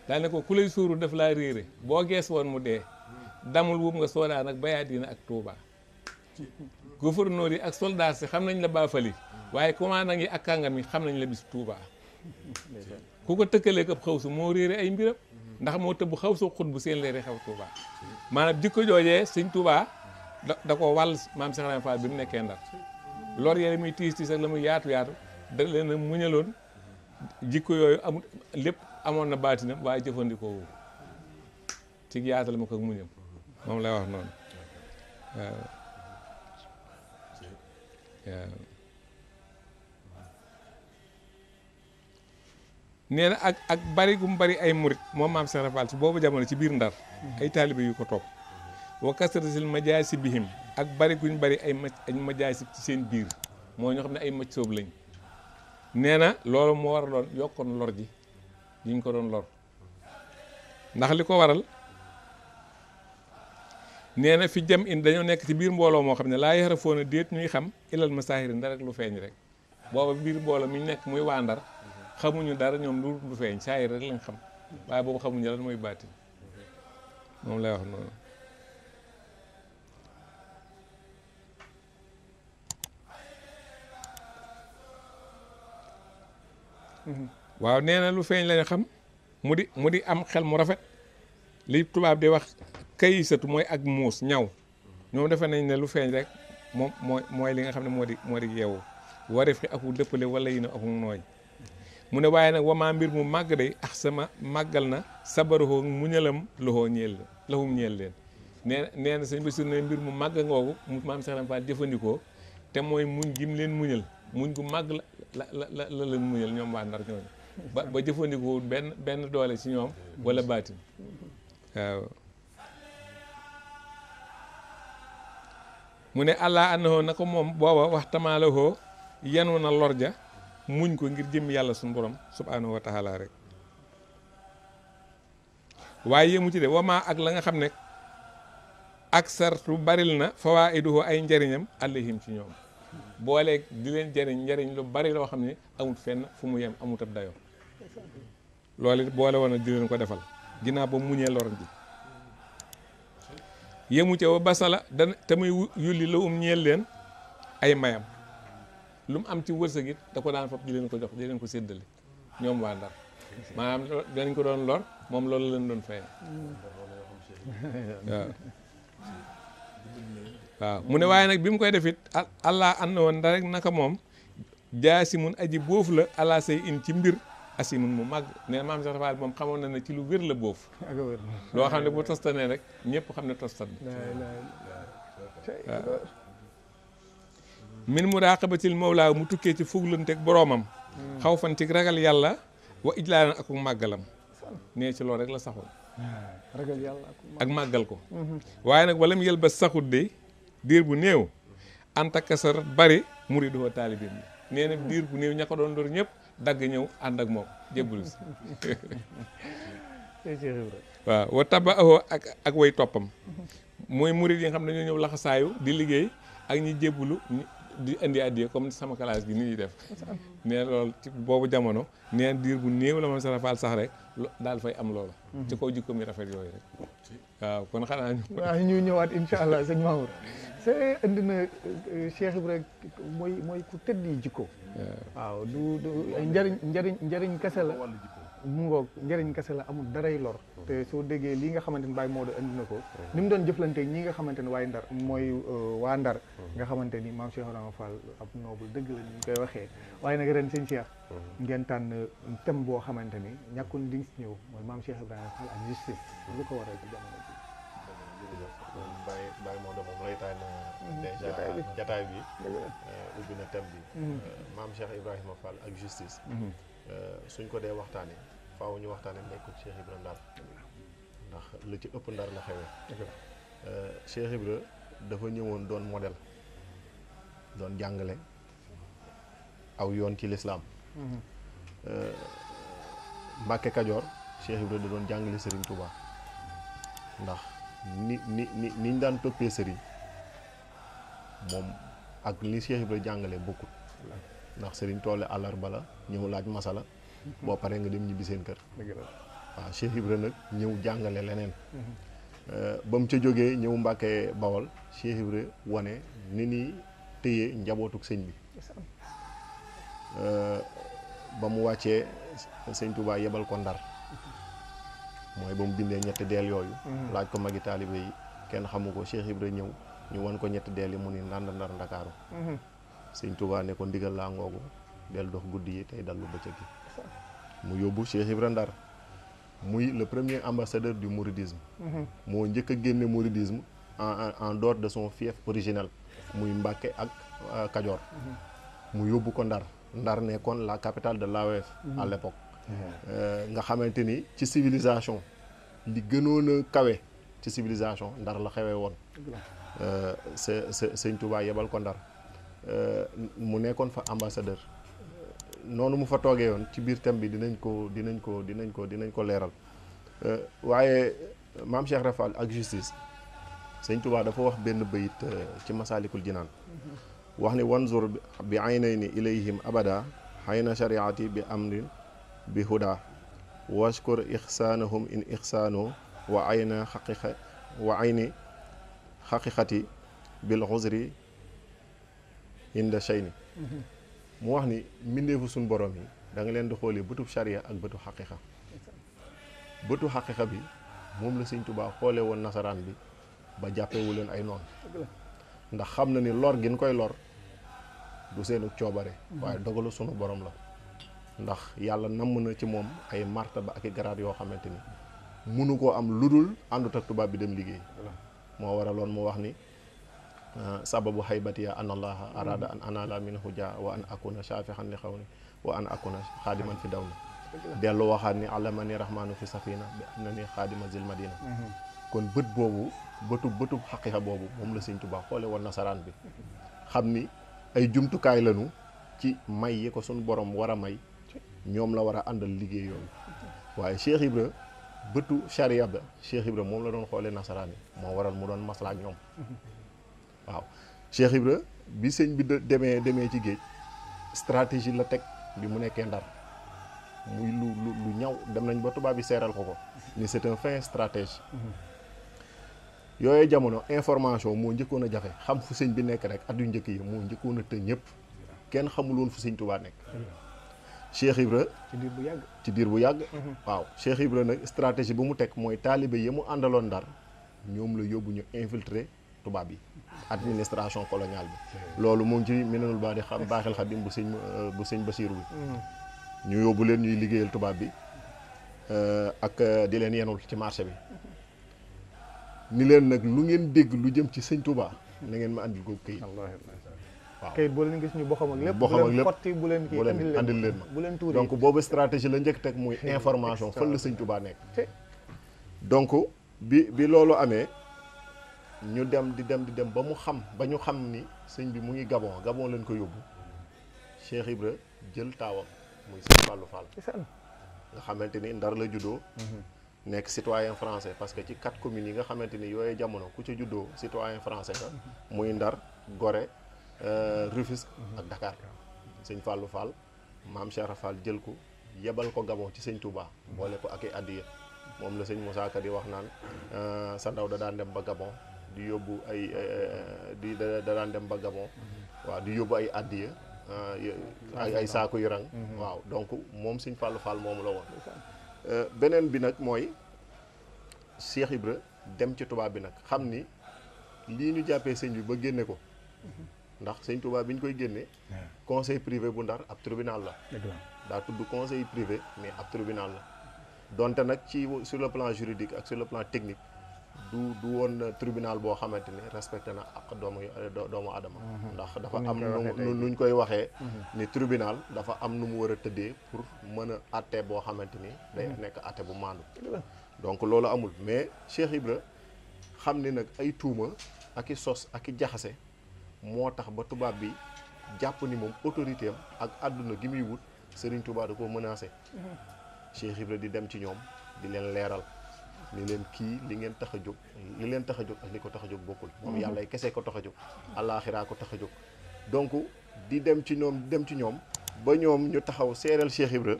daane ko ku lay suuru daf laa boo gees woon mu dee damul wub nga soodaan ak bayaadina ak Tuuba gouverneur yi ak soldat si xam nañ la baafali waaye commandant yi ak kàngam yi xam nañ la bis Tuuba ku ko tëkkalee ak xaw su moo réere ay ndax moo tëbb xaw su xut bu seen leeri xew Touba maanaam jikko joojee sëñ da da ko wàll maam Cheikh Ibrahima bi mu nekkee Ndar lor yee la muy tiis tiis ak la muy yaatu yaatu da leen a muñaloon jikko yooyu amul lépp amoon na baatinam waaye jëfandikoo wu ci yaatal ma ko muñam moom lay wax noonu waaw na ak ak bari gum bari ay murit moom maam Cheikh Fall ci boobu jamono ci biir ndar ay taalibe yu ko topp wa kasratil majaasi bihim ak bari guñ bari ay ma ay majaasib ci seen biir moo ñoo xam ne ay maj lañ nee na loolu moo war a doon yokkoon lor ji diñ ko doon lor ndax li ko waral nee na fi jam in dañoo nekk ci biir mbooloo moo xam ne laa yara foona déet ñuy xam ilal masaahiri nda rek lu feeñ rek booba biir mbooloo mi ñu nekk muy waa Ndar xamuñu dara ñoom lu lu feeñ saahir rek lañ xam waaye boobu xamuñu lan mooy baatin moom lay wax noonu waaw nee na lu feeñ lañ xam mu di mu di am xel mu rafet li tubaab di wax kayisatu mooy ak muus ñaw ñoom defe nañ ne lu feeñ rek moom mooy mooy li nga xam ne moo di moo di yeewu wareef aku dëppale wala yi ne aku nooy mu ne waaye nag wa maa mbir mu màgg de ax sama màggal na sabaruhoo mu ñëlam loxoo ñeel laxum ñeel leen nee nee na sëñ Bassirou ne mbir mu màgg ngoogu mu maam Seex Ibra Faal jëfandikoo te mooy muñ gim leen muñal muñ gu màgg la la la la la leen muñal ñoom waa ndar ñooñu ba ba jëfandikoo benn benn doole ci ñoom walla baatin mu ne allah annahoo na ko moom booba wax tamaalahoo yenu na lorja muñ ko ngir jëmm yàlla suñu borom subhaanahu wa taala rek waaye mu ci de wamaa ak la nga xam ne ak sartu baril na fawaiduhu ay njariñam àllihim ci ñoom booleeg di leen jariñ njariñ lu bari loo xam ne amut fenn fu mu yem amut ab dayoo loolu boole woon di leen ko defal ginnaaw ba mu lor ji yemu ca ba basala dana te muy yulli um leen ay mayam lu mu am ci wërsëg it da ko daan fab di leen ko jox di leen ko séddale ñoom waa Ndar maanaam danañ ko doon lor moom loolu leen doon fay waaw waaw mu ne waaye nag bi mu koy def it allah ànd woon da rek naka moom jaa si mun aji boofu la allah say in ci mbir asimun mu màgg ne maam Cheikh Fall moom na ne ci lu wér la boofu loo xam ne bu tostanee rek ñëpp xam ne tostan waaw min muraqabatil mawlaa mu tukkee ci fuglante ak boroomam hmm. xaw fan ci ragal yàlla wa ijlaalan ak màggalam nee ci loolu rek la saxul ah, ak màggal ko hmm. waaye nag walla mu yël saxut de dir bu néew antakasar bari muri duma talibim neena dir bu néew ña ko doon door ñëpp dagg ñëw ànd ak moom wa tabaho aho ak ak way topam moy murid yi nga xam ne ñew ñëw laxasaayu di liggey ak ñi djebulu di andi adiya comme sama classe gi ni ñi def ne lol ci bobu jamono ne dir bu neew la mom sa rafaal sax rek dal fay am lol mm-hmm. ci ko jikko mi rafet yoy rek waaw kon xana ñu ñu ñewat inshallah seigne mahour c'est indi na eh, eh, Cheikh Ibrahima mooy mooy ku tëdd yi jikko waaw du du njëriñ njariñ njëriñ kese la mu njëriñ kese la amul daray lor te soo déggee lii nga xamante baay moo Maodo indi na ko mm. ni mu doon jëflante ñi nga xamante ne waay ndar mooy euh, waa ndar nga xamante ni maam Cheikh Ibrahima Fall ab dëgg la ni ñu koy waxee waaye ren sëñ Cheikh mm. ngeen tànn boo xamante ni ñàkkul di nga si ñëw mooy maam lu ko waral ci jamono ji Baye Baye Maodo moom lay taan mhm. déjà jataay bi euh, ubbi na thème mhm. euh, maam Cheikh Ibrahima Fall ak justice mhm. euh, suñ ko dee waxtaane faw ñu waxtaan waxtaane nekkul Cheikh Ibra Ndar ndax la ci ëpp Ndar la xewee Cheikh Ibra dafa ñëwoon doon model doon jàngale aw yoon ci lislaam Mbàkke Kajoor Cheikh Ibra da doon jàngale Serigne Touba ndax ni ni ni niñ daan toppee sëriñ moom ak li jàngale bokkul ndax sëriñ toole àllarba la ñëw laaj masa la boo paree nga dem ñibbi seen kër waaw Cheikh Ibrahima nag ñëw jàngale leneen mhm. euh, ba mu ca jógee ñëw Mbàkke Bawol Cheikh wane ni ni téye njabootuk sëñ bi euh, ba mu wàccee sëñ Touba yebal ko Ndar mooy ba mu bindee ñetti deel yooyu mm-hmm. laaj ko magi taalibe yi kenn xamu ko Cheikh Ibra ñëw ñu wan ko ñetti deel yi mu ni ndànd ndar ndakaaru mm-hmm. sëñ Tuubaa ne ko ndigal laa ngoogu del dox guddi yi tey dallu bëccëg yi mu yóbbu Cheikh Ibra Ndar muy le premier ambassadeur du mouridisme mm-hmm. moo njëkk a génne mouridisme en en de son fief originel muy Mbàkke ak euh, Kajoor mu yóbbu ko Ndar Ndar nekkoon la capitale de l'AOF à l'époque Euh, nga xamante ni ci civilisation li gënoon kawe ci civilisation ndar la xewee woon euh, se sëñ Touba yebal ko ndar euh, mu nekkoon fa ambassadeur noonu mu fa toogee yoon ci biir thème bi dinañ ko dinañ ko dinañ ko dinañ ko leeral waaye maam Cheikh Rafal ak justice sëñ Touba dafa wax benn bayit ci masaalikul jinaan wax ni wanzur bi aynayni ilayhim abada xayna shariati bi amrin بهدى واشكر إحسانهم إن إحسانوا وعين حقيقة وعين حقيقتي بالعذر عند شيني mu wax ni mbindeefu suñ borom yi da nga leen di xoolee bëtub charia ak bëtu xaqiqa bëtu xaqiqa bi moom la sëñ tubaa xoolee woon nasaraan bi ba jàppewu leen ay noon ndax xam na ni lor gin koy lor du seenu coobare waaye dogalu sunu borom la ndax yàlla namm na ci moom ay martaba ak i garaat yoo xamante ni munu koo am lu dul àndutak tubaab bi dem liggéey moo waraloon mu wax ni ah, sababu haybatiya an allaha arada an anala min huja wa an akuna shafihan li xawni wa an akuna xaadiman fi dawna dellu waxaat ni alamani rahmanu fi safina bi am na ni xaadima zil madina mhm. kon bët boobu bëtub bëtub xaqiqa boobu moom la sëñ Tuubaa xoole woon nasaraan bi xam ni ay jumtukaay lanu ci may yi ko suñu borom war a may ñom la wara andal liggey yoon waye cheikh ibra beutu sharia ba cheikh ibra mom la doon xolé nasaraan mo waral mu doon masla ak ñoom waaw cheikh ibra bi señ bi demee demee ci geej stratégie la tek bi mu nekké ndar muy lu lu ñaw dem nañ ba tuba bi séral ko ko ni c'est un fin stratège yoyé jamono information mo njëkkoon a jafe xam fu señ bi nekk rek at yu yi mo njëkkoon a ñëpp kenn won fu señ tuba nekk cheikh ibra ci bir bu yàgg ci bir bu yàgg mhm. waaw cheikh ibra nak stratégie bu mu tek moy talibé yi mu àndaloon ndar ñoom la yobbu ñu infiltrer tuba bi administration coloniale bi mhm. lolu mo ngi minanul badi xam baaxil xadim bu seigne bu seigne basirou bi mhm. ñu yobbu len ñuy liggéeyal tuba bi euh ak di len yenul ci marché bi ni len nak lu ngeen dégg lu jëm ci seigne Touba na ngeen ma andil ko këyit kayit boo leen gis ñu boxam ak lépp boxam ak lépp xotti bu leen kii andil leen andil leen ma bu leen tuuri donc boobu stratégie la njëkk teg muy information fan la sëñ nekk donc bi bi loolu amee ñu dem di dem di dem ba mu xam ba ñu xam ni sëñ bi mu ngi Gabon Gabon leen ko yóbbu Cheikh Ibra jël taawam muy sëñ Fallou Fall nga xamante ni Ndar la juddoo mhm. nekk citoyen français parce que ci quatre communes yi nga xamante ni yooyu jamono ku ca juddoo citoyen français nga mhm. muy Ndar Gorée Euh, Rufisque mhm. ak Dakar sëñ Fallou Fall maam Cheikh Fall jël ko yebal ko Gabon ci sëñ Touba boole ko ak i addiya moom la sëñ Moussa Ka di wax naan euh, sa ndaw da daan dem ba Gabon di yóbbu ay euh, di da dem ba mhm. waaw di yóbbu ay addiya ay saako yu rang mhm. waaw donc moom sëñ Fallou Fall moomu la woon beneen bi nag mooy Cheikh Ibra dem ci tubaab bi nag xam ni lii ñu jàppee sëñ bi ba génne ko ndax sëñ Touba bi ñu koy génnee. conseil privé bu ndar ab tribunal la. daa tudd conseil privé mais ab tribunal la. donte nag ci sur le plan juridique ak sur le plan technique du du woon tribunal boo xamante ni respecté na ak doomu doomu adama mhm. ndax dafa am nu ñu koy waxee. Mhm. ni tribunal dafa am nu mu war a tëddee pour mën a àtte boo xamante ni. day mhm. nekk àtte bu maandu. donc loolu amul mais Cheikh Ibra xam ni nag ay tuuma ak i sos ak i jaxase. moo tax ba tubaab bi jàpp ni moom autorité am ak àdduna gi muy wut Serigne Touba da koo menacé. Cheikh Ibra di dem ci ñoom di leen leeral. ni leen kii li ngeen tax jóg li leen tax a jóg ak li ko tax a jóg bokkul. moom mhm. yàlla kese ko tax a jóg. alaaxiraa ko tax a jóg. donc di dem ci ñoom dem ci ñoom ba ñoom ñu taxaw seereel Cheikh Ibra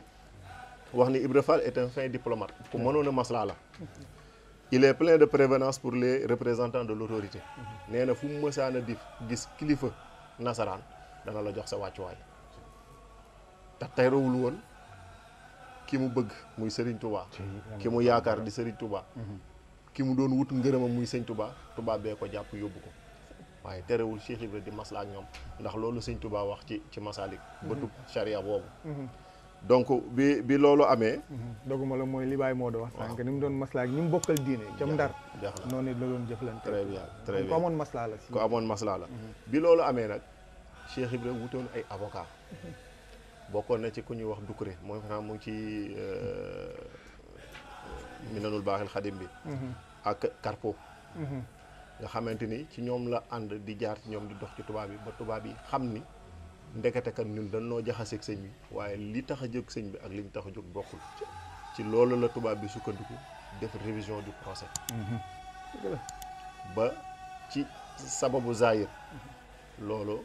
wax ni Ibra Fall est un fin diplomate. ku mënoon a maslaa la. il est plein de prévenance pour les représentants de l'autorité nee na fu mu mësaan a di gis kilifa nasaraan dana la jox sa wàccuwaay te tey rawul woon ki mu bëgg muy sëriñ Touba ki mu yaakaar di sëriñ tubaa mhm. ki mu doon wut ngërëmam muy Sëñ Touba Touba bee ko jàpp yóbbu ko waaye terewul Cheikh Ibra di masla ak ñoom ndax loolu Sëñ Touba wax ci ci masalik mhm. bëtub charia boobu mhm. donc bi bi loolu amee. Mhm. doguma la mooy li Baye Modou wax. sànq ni mu doon maslaa ak ñi mu bokkal diine. ca Ndar noonu it la doon jëflante. très bien très bien ku amoon maslaa la. Mhm. bi loolu amee nag Cheikh Ibrahima wutoon ay avocat mhm. bokkoon na ci ku ñuy wax Dukkure mooy xanaa mu ngi ci euh, Minanul Baaxil Xadim bi. ak Carpo. nga xamante ni ci ñoom la ànd di jaar ci ñoom di dox ci tubaab yi ba tubaab yi xam ni. ndekete ka kan ñun dañoo jaxaseeg sëñ bi waaye li tax a jóg sëñ bi ak li ñu tax a jóg bokkul ci loolu la tubaab bi sukkandiku def révision du procès ba ci sababu zaayir loolu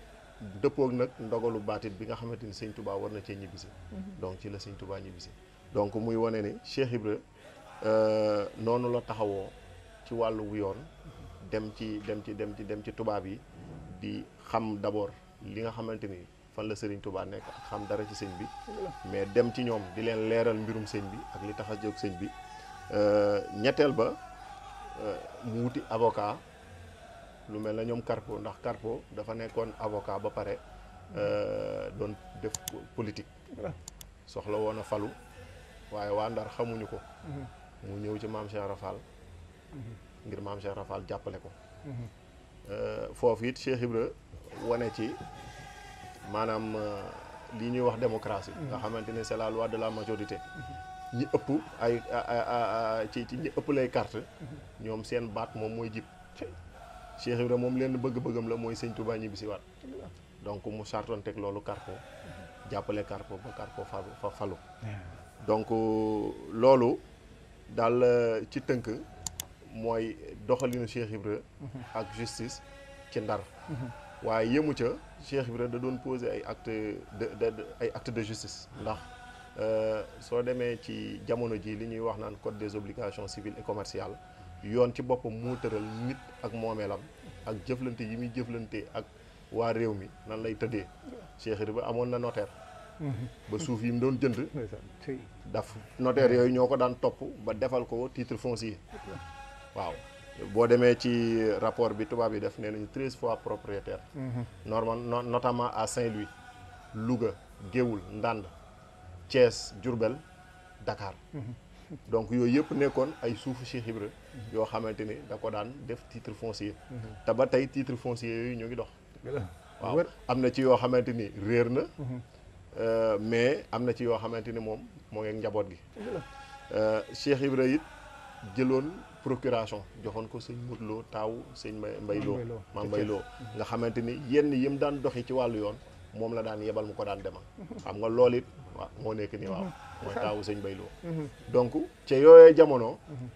dëppoog nag ndogalu baatit bi nga xamante ni sëñ tubaa war na cee ñibbisi mhm. donc ci la sëñ tubaa ñibbisi donc muy wane ne Cheikh Ibra euh, noonu la taxawoo ci wàll wu yoon dem ci dem ci dem ci dem ci tubaab yi di xam d'abord li nga xamante ni fan la sëriñ Touba nekk ak xam dara ci sëñ bi mais dem ci ñoom di leen leeral mbirum sëñ bi ak li tax a jóg sëñ bi euh, ñetteel ba euh, mu wuti avocat lu mel na ñoom Carpo ndax Carpo dafa nekkoon avocat ba pare euh, doon def politique soxla woon falu waaye waa Ndar xamuñu ko mu ñëw ci maam Cheikh Rafal ngir maam Cheikh Rafal jàppale ko mhm. foofu it Cheikh Ibra wane ci maanaam euh, li ñuy wax démocratie. Mm-hmm. nga xamante ne c'est la loi de la majorité. ñi ëpp ay ci ci ñi ëpp lay carte mm-hmm. ñoom seen baat moom mooy jib Cheikh Ibra moom lenn bëgg-bëggam la mooy sëñ Touba ñibbisiwaat donc mu sartoon teg loolu Carpo mm-hmm. jàppale Carpo ba Carpo fa falu donc euh, loolu daal euh, ci tënk mooy doxalinu Cheikh ak justice ci Ndar waaye yëmu ca Cheikh Ibra da doon poser ay acte de ay acte de justice ndax euh, soo demee ci jamono ji li ñuy wax naan code des obligations civiles et commerciales yoon ci boppam moo tëral nit ak moomeelam ak jëflante yi muy jëflante ak waa réew mi nan lay tëddee Cheikh Ibra amoon na notaire mm-hmm. ba suuf yi mu doon jënd daf notaire yooyu ñoo ko daan topp ba defal ko titre foncier waaw boo demee ci rapport bi tubaab yi def nee nañu treize fois propriétaire mhm. normal notamment à Saint-Louis Louga Géoul Ndand Thiès Diourbel Dakar mhm. donc yooyu yëpp nekkoon ay suufu Cheikh Ibra yoo xamante ni da ko daan def titre foncier mhm. te ba tey titre foncier yooyu ñu ngi dox waaw am na ci yoo xamante ni réer na euh, mais am na ci yoo xamante ni moom moo ngi ak njaboot gi euh, Cheikh Ibra it jëloon procuration joxoon ko sëñ Modou Lo taaw sëñ Mbay Lo Maam Mbay Lo nga xamante ni yenn yi mu daan doxi ci wàllu yoon moom la daan yebal mu ko daan demal xam nga lool it waaw moo nekk nii waaw mooy taawu sëñ Mbay Lo donc ca yooyee jamono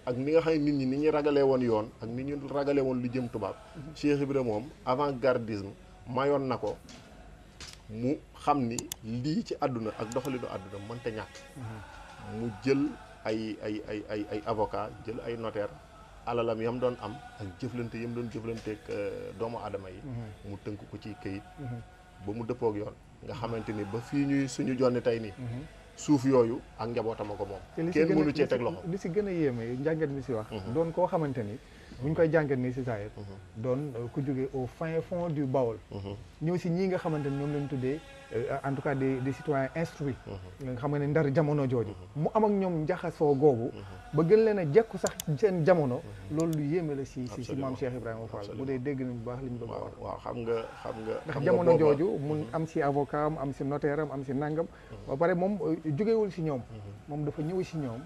ak ni nga xam nit ñi ni ñu ragalee woon yoon ak ni ñu ragalee woon lu jëm tubaab Cheikh Ibra moom avant ma mayoon na ko mu xam ni lii ci àdduna ak doxalinu àdduna mënta ñàkk mhm. mu jël ay ay ay ay ay avocat jël ay notaire alalam yam doon am ak jëflante yam doon jëflanteek euh, doomu aadama yi mhm. mu tënk ko ci këyit mhm. ba mu dëppook yoon nga xamante ni ba fii ñuy suñu jonni tey nii mhm. suuf yooyu ak njabootama ko moom kenn mënu cee teg loxo li si gën a yéeme njàngat mi si wax doon koo xamante ni buñ koy jàngat nii si saayir doon euh, ku jóge au fin fond du Baol ñëw si ñii nga xamante ne ñoom lañ tuddee euh, en tout cas des des citoyens instruits mm-hmm. nga xam ndar jamono jooju mm-hmm. mu am ak ñoom njaxasoo googu mm-hmm. ba gën leen a jekku sax seen jamono loolu lu yéeme la si si si maam Cheikh Ibrahima dégg nañ bu baax li ñu waaw xam nga xam nga ndax jamono jooju mun am si avocat am am si notaire am am si nangam ba pare moom euh, jógewul si ñoom moom dafa ñëw si ñoom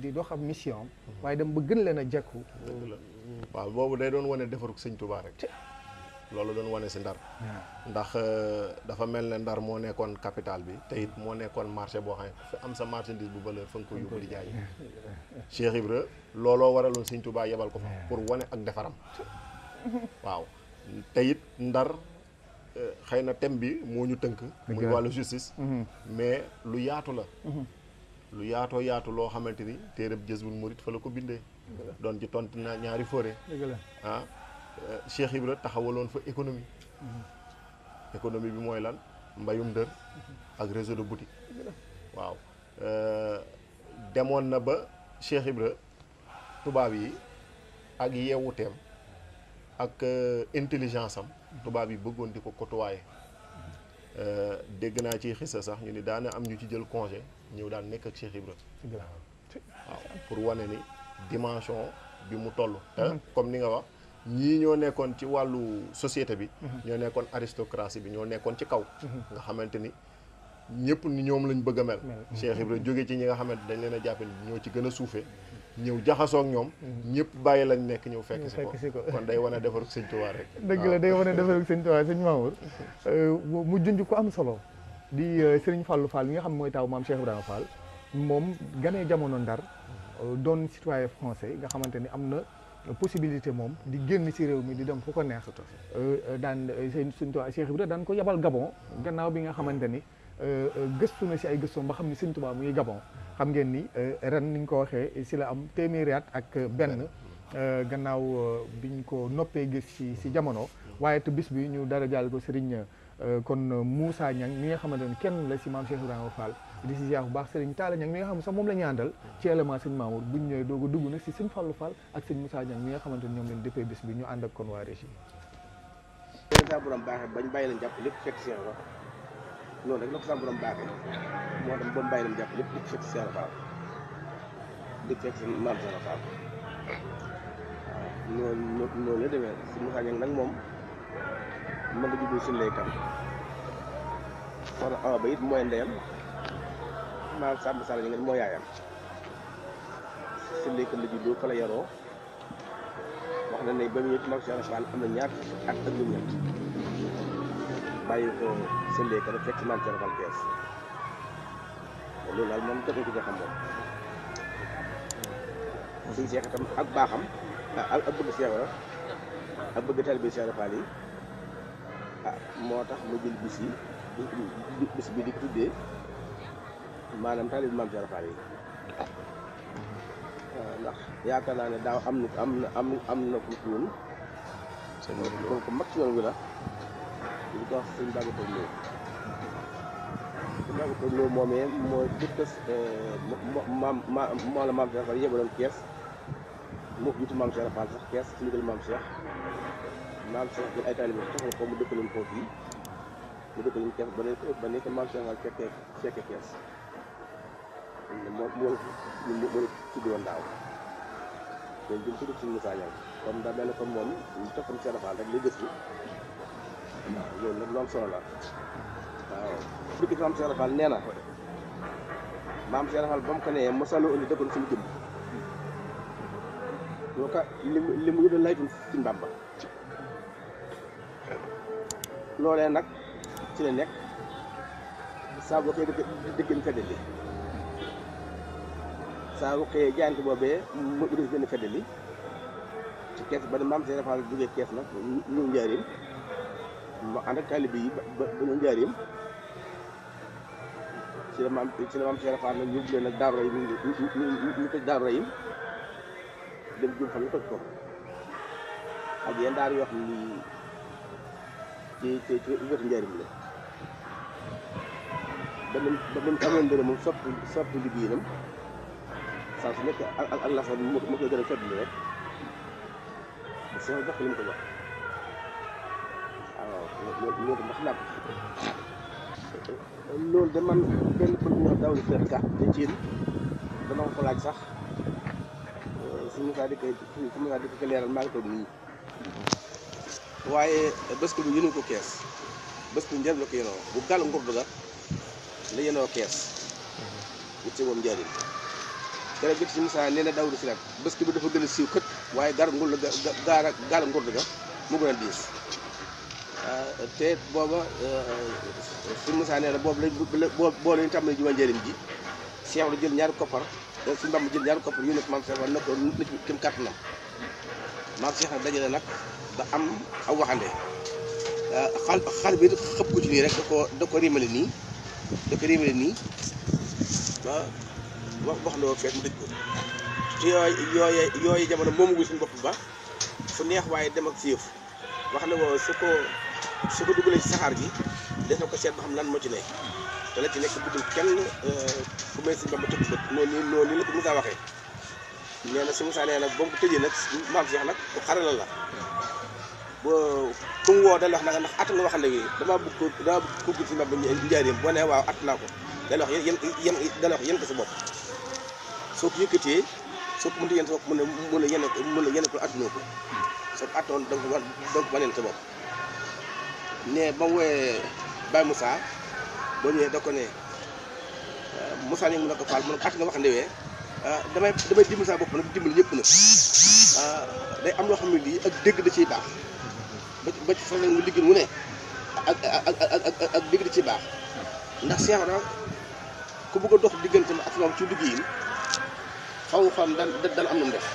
di dox xam mission waaye dem ba gën leen a jekku waaw boobu day doon wane defaruk sëñ Tuubaa rek loolu doon wane si ndar ndax euh, dafa mel na ndar moo nekkoon capital bi te it moo nekkoon marché boo xam ne fi am sa marchandise bu valeur fa nga ko yóbbu di jaay Cheikh Ibra looloo waraloon Sëñ Tuubaa yebal ko fa pour wane ak defaram waaw te it ndar euh, xëy na thème bi moo ñu tënk muy wàllu justice mm-hmm. mais lu yaatu la mm-hmm. lu yaatoo yaatu loo xamante ni téereb Jazbul Murid fa la ko bindee doon ci tont na ñaari foré Euh, Cheikh Ibra taxawalon fa économie. Mm-hmm. économie bi moy lan mbayum deur ak réseau de boutique. waaw euh, demoon na ba Cheikh Ibra yi ak yewutem ak euh, intelligence am. Mm-hmm. yi beugone diko mm-hmm. Euh... na ci xissa sax ñu ni daana am ñu ci jël congé ñëw daan nek ak Cheikh Ibra pour wané ni dimension bi mu comme ni nga ñii ñoo nekkoon ci wàllu société bi. ñoo nekkoon aristocratie bi ñoo nekkoon ci kaw. nga xamante ni ñëpp ni ñoom lañ bëgg a mel. Cheikh Ibra jóge ci ñi nga xamante dañ leen a jàpp ñoo ci gën a suufee. ñëw jaxasoo ak ñoom. Mm-hmm. ñëpp bàyyi lañ nekk ñëw fekk si ko kon day wane defarug sëñ Tuubaa rek. dëgg la day wane defarug sëñ Tuubaa sëñ Mamour. Euh, mu junj ko am solo di euh, Serigne Fallou Fall mi nga xam mooy taw maam Cheikh Ibrahima Fall moom ganee jamono Ndar mm-hmm. euh, doon citoyen français nga xamante ni am na. possibilité moom di génn ci réew mi di dem fu ko neex euh, euh, daan euh, seen suñ tubaab Cheikh Ibrahima daan ko yebal Gabon gannaaw bi nga xamante ni gëstu na si ay gëstoom ba xam ni suñ tubaab mu ngi Gabon xam ngeen nii ren ni ñu ko waxee ci la am téeméeri at ak benn gannaaw biñ ko noppee gis ci ci jamono waaye te bis bi ñu dara jàll ko Serigne kon Moussa Niang mi nga xamante ni kenn la ci maam Cheikh Ibrahima Fall di ci Cheikh bax Serigne Talla Niang mi nga xam sa mom la ñu ci element Serigne Mamour bu ñu dogu duggu a ci Serigne fallu Fall ak Serigne Moussa ñang mi nga xamanteni ñom leen dëppee bis bi ñu and ak kon wa régie yi sa borom bax bañ bàyyi lañ lepp lépp fekk Cheikh Fall loolu rek la ko sa borom bax mo dem bam bàyyi lañ lepp lépp lépp fekk Cheikh Fall di fekk seen mamour Cheikh Fall lool loolu la demee Serigne Moussa ñang nak mom ma nga juddoo suñu lay kam wala ah, ba it mooy ndeyam masa besar dengan ñu ngeen moo yaayam si léegi la juddoo fa la yaroo wax na ne ba mu ñëpp maam Cheikh am na ñaar ak ak ñun ñett bàyyi ko si léegi la fekk maam Cheikh Rafaal kees loolu daal moom ko ci xam ak ak bëgg ak bëgg yi mu jël bis bis bi di maanaam taalib maam Cheikh Fall yi ndax yaakaar naa ne daaw am na am na am ku ci mag ci yoon wi la ñu ko wax suñ dagga tëb loo suñ dagga tëb loo moomee moo jëkk maam moo la maam Cheikh Fall yebaloon kees moo ko jiitu maam Cheikh Fall sax kees ci ndigal maam Cheikh maam Cheikh ay taalibe soxla ko mu dëkk leen foofu yi mu ba nekk ba nekk kees moo moo moo moo tudd woon daaw léegi bi mu tudd solo la nee na maam Cheikh Rafal ba mu ko nee mosaloo indi li mu li mu yëg laytun Bàmba loolee nag ci la nekk saa koy dëgg dëgg ñu ko saa bu xëyee jaayante boobee mu indi benn feddali ci kees ba maam seen Faal jógee kees nag ñu njaarim mu ànd ak taalibe yi ba ba ñu njaarim ci la maam ci la maam seen Faal nag ñu ñu la ba mu mu amoon mbir moom saa su nekk ak ak laas moo ko ko jox ah, waaw loolu ndax laa ko dama ko laaj sax euh, suñu saa di koy leeral maa ngi toog nii waaye bés bu yénu ko kees bés bu njëriñ la ko yenoo bu gàll ngurdu ga la yenoo kees wut si moom njëriñ dana jot si Moussa nee na Daawuda Siraan bés bi dafa gën a siiw kët waaye gaar ngur la gaar gaar ngur ga mu gën a diis te booba si Moussa nee na boobu lañ boobu lañ tàmbali juma njëriñ ji Seex la jël ñaari koppar si mbam jël ñaari koppar yónnee ko maam Seex na ko nit kim kàttanam maam Seex na dajale nag ba am aw waxande xal xal bi xëpp ko ci nii rek da ko da ko rimale nii da ko rimale nii wax wax loo fees mu tëj ko ci yooyu yooye yooyu jamono moomu gi suñu bopp bu baax fu neex waaye dem ak fiif wax ne woo su ko su ko dugalee ci saxaar gi des ko seet ba xam lan moo ci nekk te la ci ku euh, may suñu bopp tëj bët noonu waxee nee na si Moussa nee nag ba mu nag maam Cheikh nag ku xarala la boo ku mu woo dañ wax nag ndax at nga waxande wi damaa bëgg ko damaa bëgg bi njaareem boo nee waaw at naa ko dañ wax yéen yéen dañ wax ko sa bopp soo ko yëkkatee soo ko mënta yenn soo ko mën a mën ko àdduna ko soo ko àttoon da nga ko war da nga ko waneel sa bopp ne ba mu wooyee Baye Moussa boo ñëwee da ko ne ah, Moussa ko faal man at nga wax ndewee ah, damay damay dimbali bopp nag dimbali ñëpp nag ah, day am loo xam ne lii ak dégg da ciy baax ba ci ba ci feneen mu mu ne ak ak ak ak dégg da na ku bëgg dox diggante ak moom faw xolam daan daan am na mu def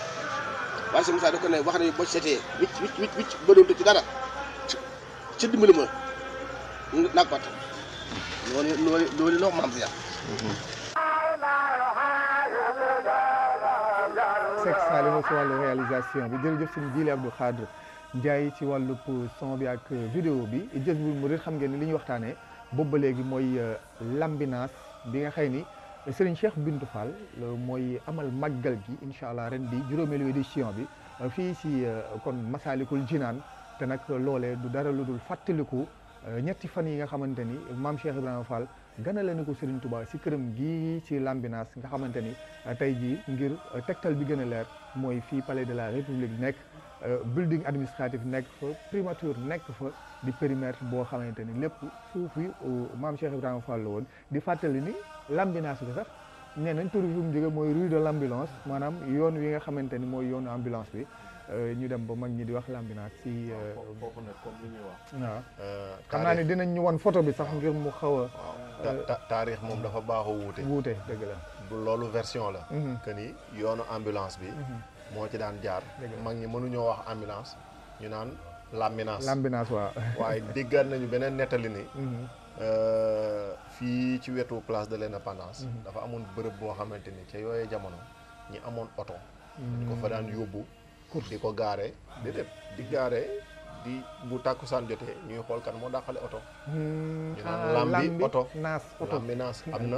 waaye si Moussa da ko ne wax nañu boo setee wicc wicc ba doon ci dara ci dimbali ma naa ko attan loolu loolu loolu loo maam si yàlla. Seck Saliou si wàllu réalisation bi jërëjëf suñu jiile Abdou Khadre Ndiaye ci wàllu son bi ak vidéo bi Jazboul Mouride xam ngeen ni li ñu waxtaanee boobu ba léegi mooy euh, lambinaas bi nga xëy ni. Serigne Cheikh Bintou Fall mooy amal màggal gi incha allah ren di juróomeelu édition bi euh, fii si euh, kon Masaalikul Jinaan te nag loole du dara lu dul fàttaliku euh, ñetti fan yi nga xamante ni maam Cheikh Ibrahima Fall ganale na ko Serigne Touba si këram gii si Lambinaas nga xamante ni tey jii ngir tegtal bi gën a leer mooy fii palais de la République nekk. Euh, building administratif nek fa primature nek fa di périmètre bo xamanteni lepp lépp suuf yi euh, maam Cheikh ibrahim Fall won di fatali ni l'ambulance bi sax nenañ nañ tur bi mu jóge mooy rue de l'ambulance manam yoon wi nga xamanteni moy yoon ambulance bi euh, ñu dem ba mag ñi di wax l'ambulance ci ah, foofu nak comme li ñuy wax. euh xamna ni dinañ ñu won photo bi sax ngir mu xawa tarikh mom dafa baaxoo wuté wuté deug la. lolu version la. Mm-hmm. que ni yoonu ambulance bi. Mm-hmm. moo ci daan jaar mag ñi mënuñoo wax ambulance ñu naan lambinaas lambinaas waaw waaye déggaat nañu beneen nettali ni mhm. euh, fii ci wetu place de l'indépendance mhm. dafa amoon bërëb boo xamante ni ci yooyee jamono ñi amoon oto dañ mhm. ko fa daan yóbbu di ko gaare déedéet di gaare di bu tàkkusaan jotee ñuy xool kan moo dàqale oto. Hmm, ñu naan ah, lambi oto naas oto lambi naas hmm. am na.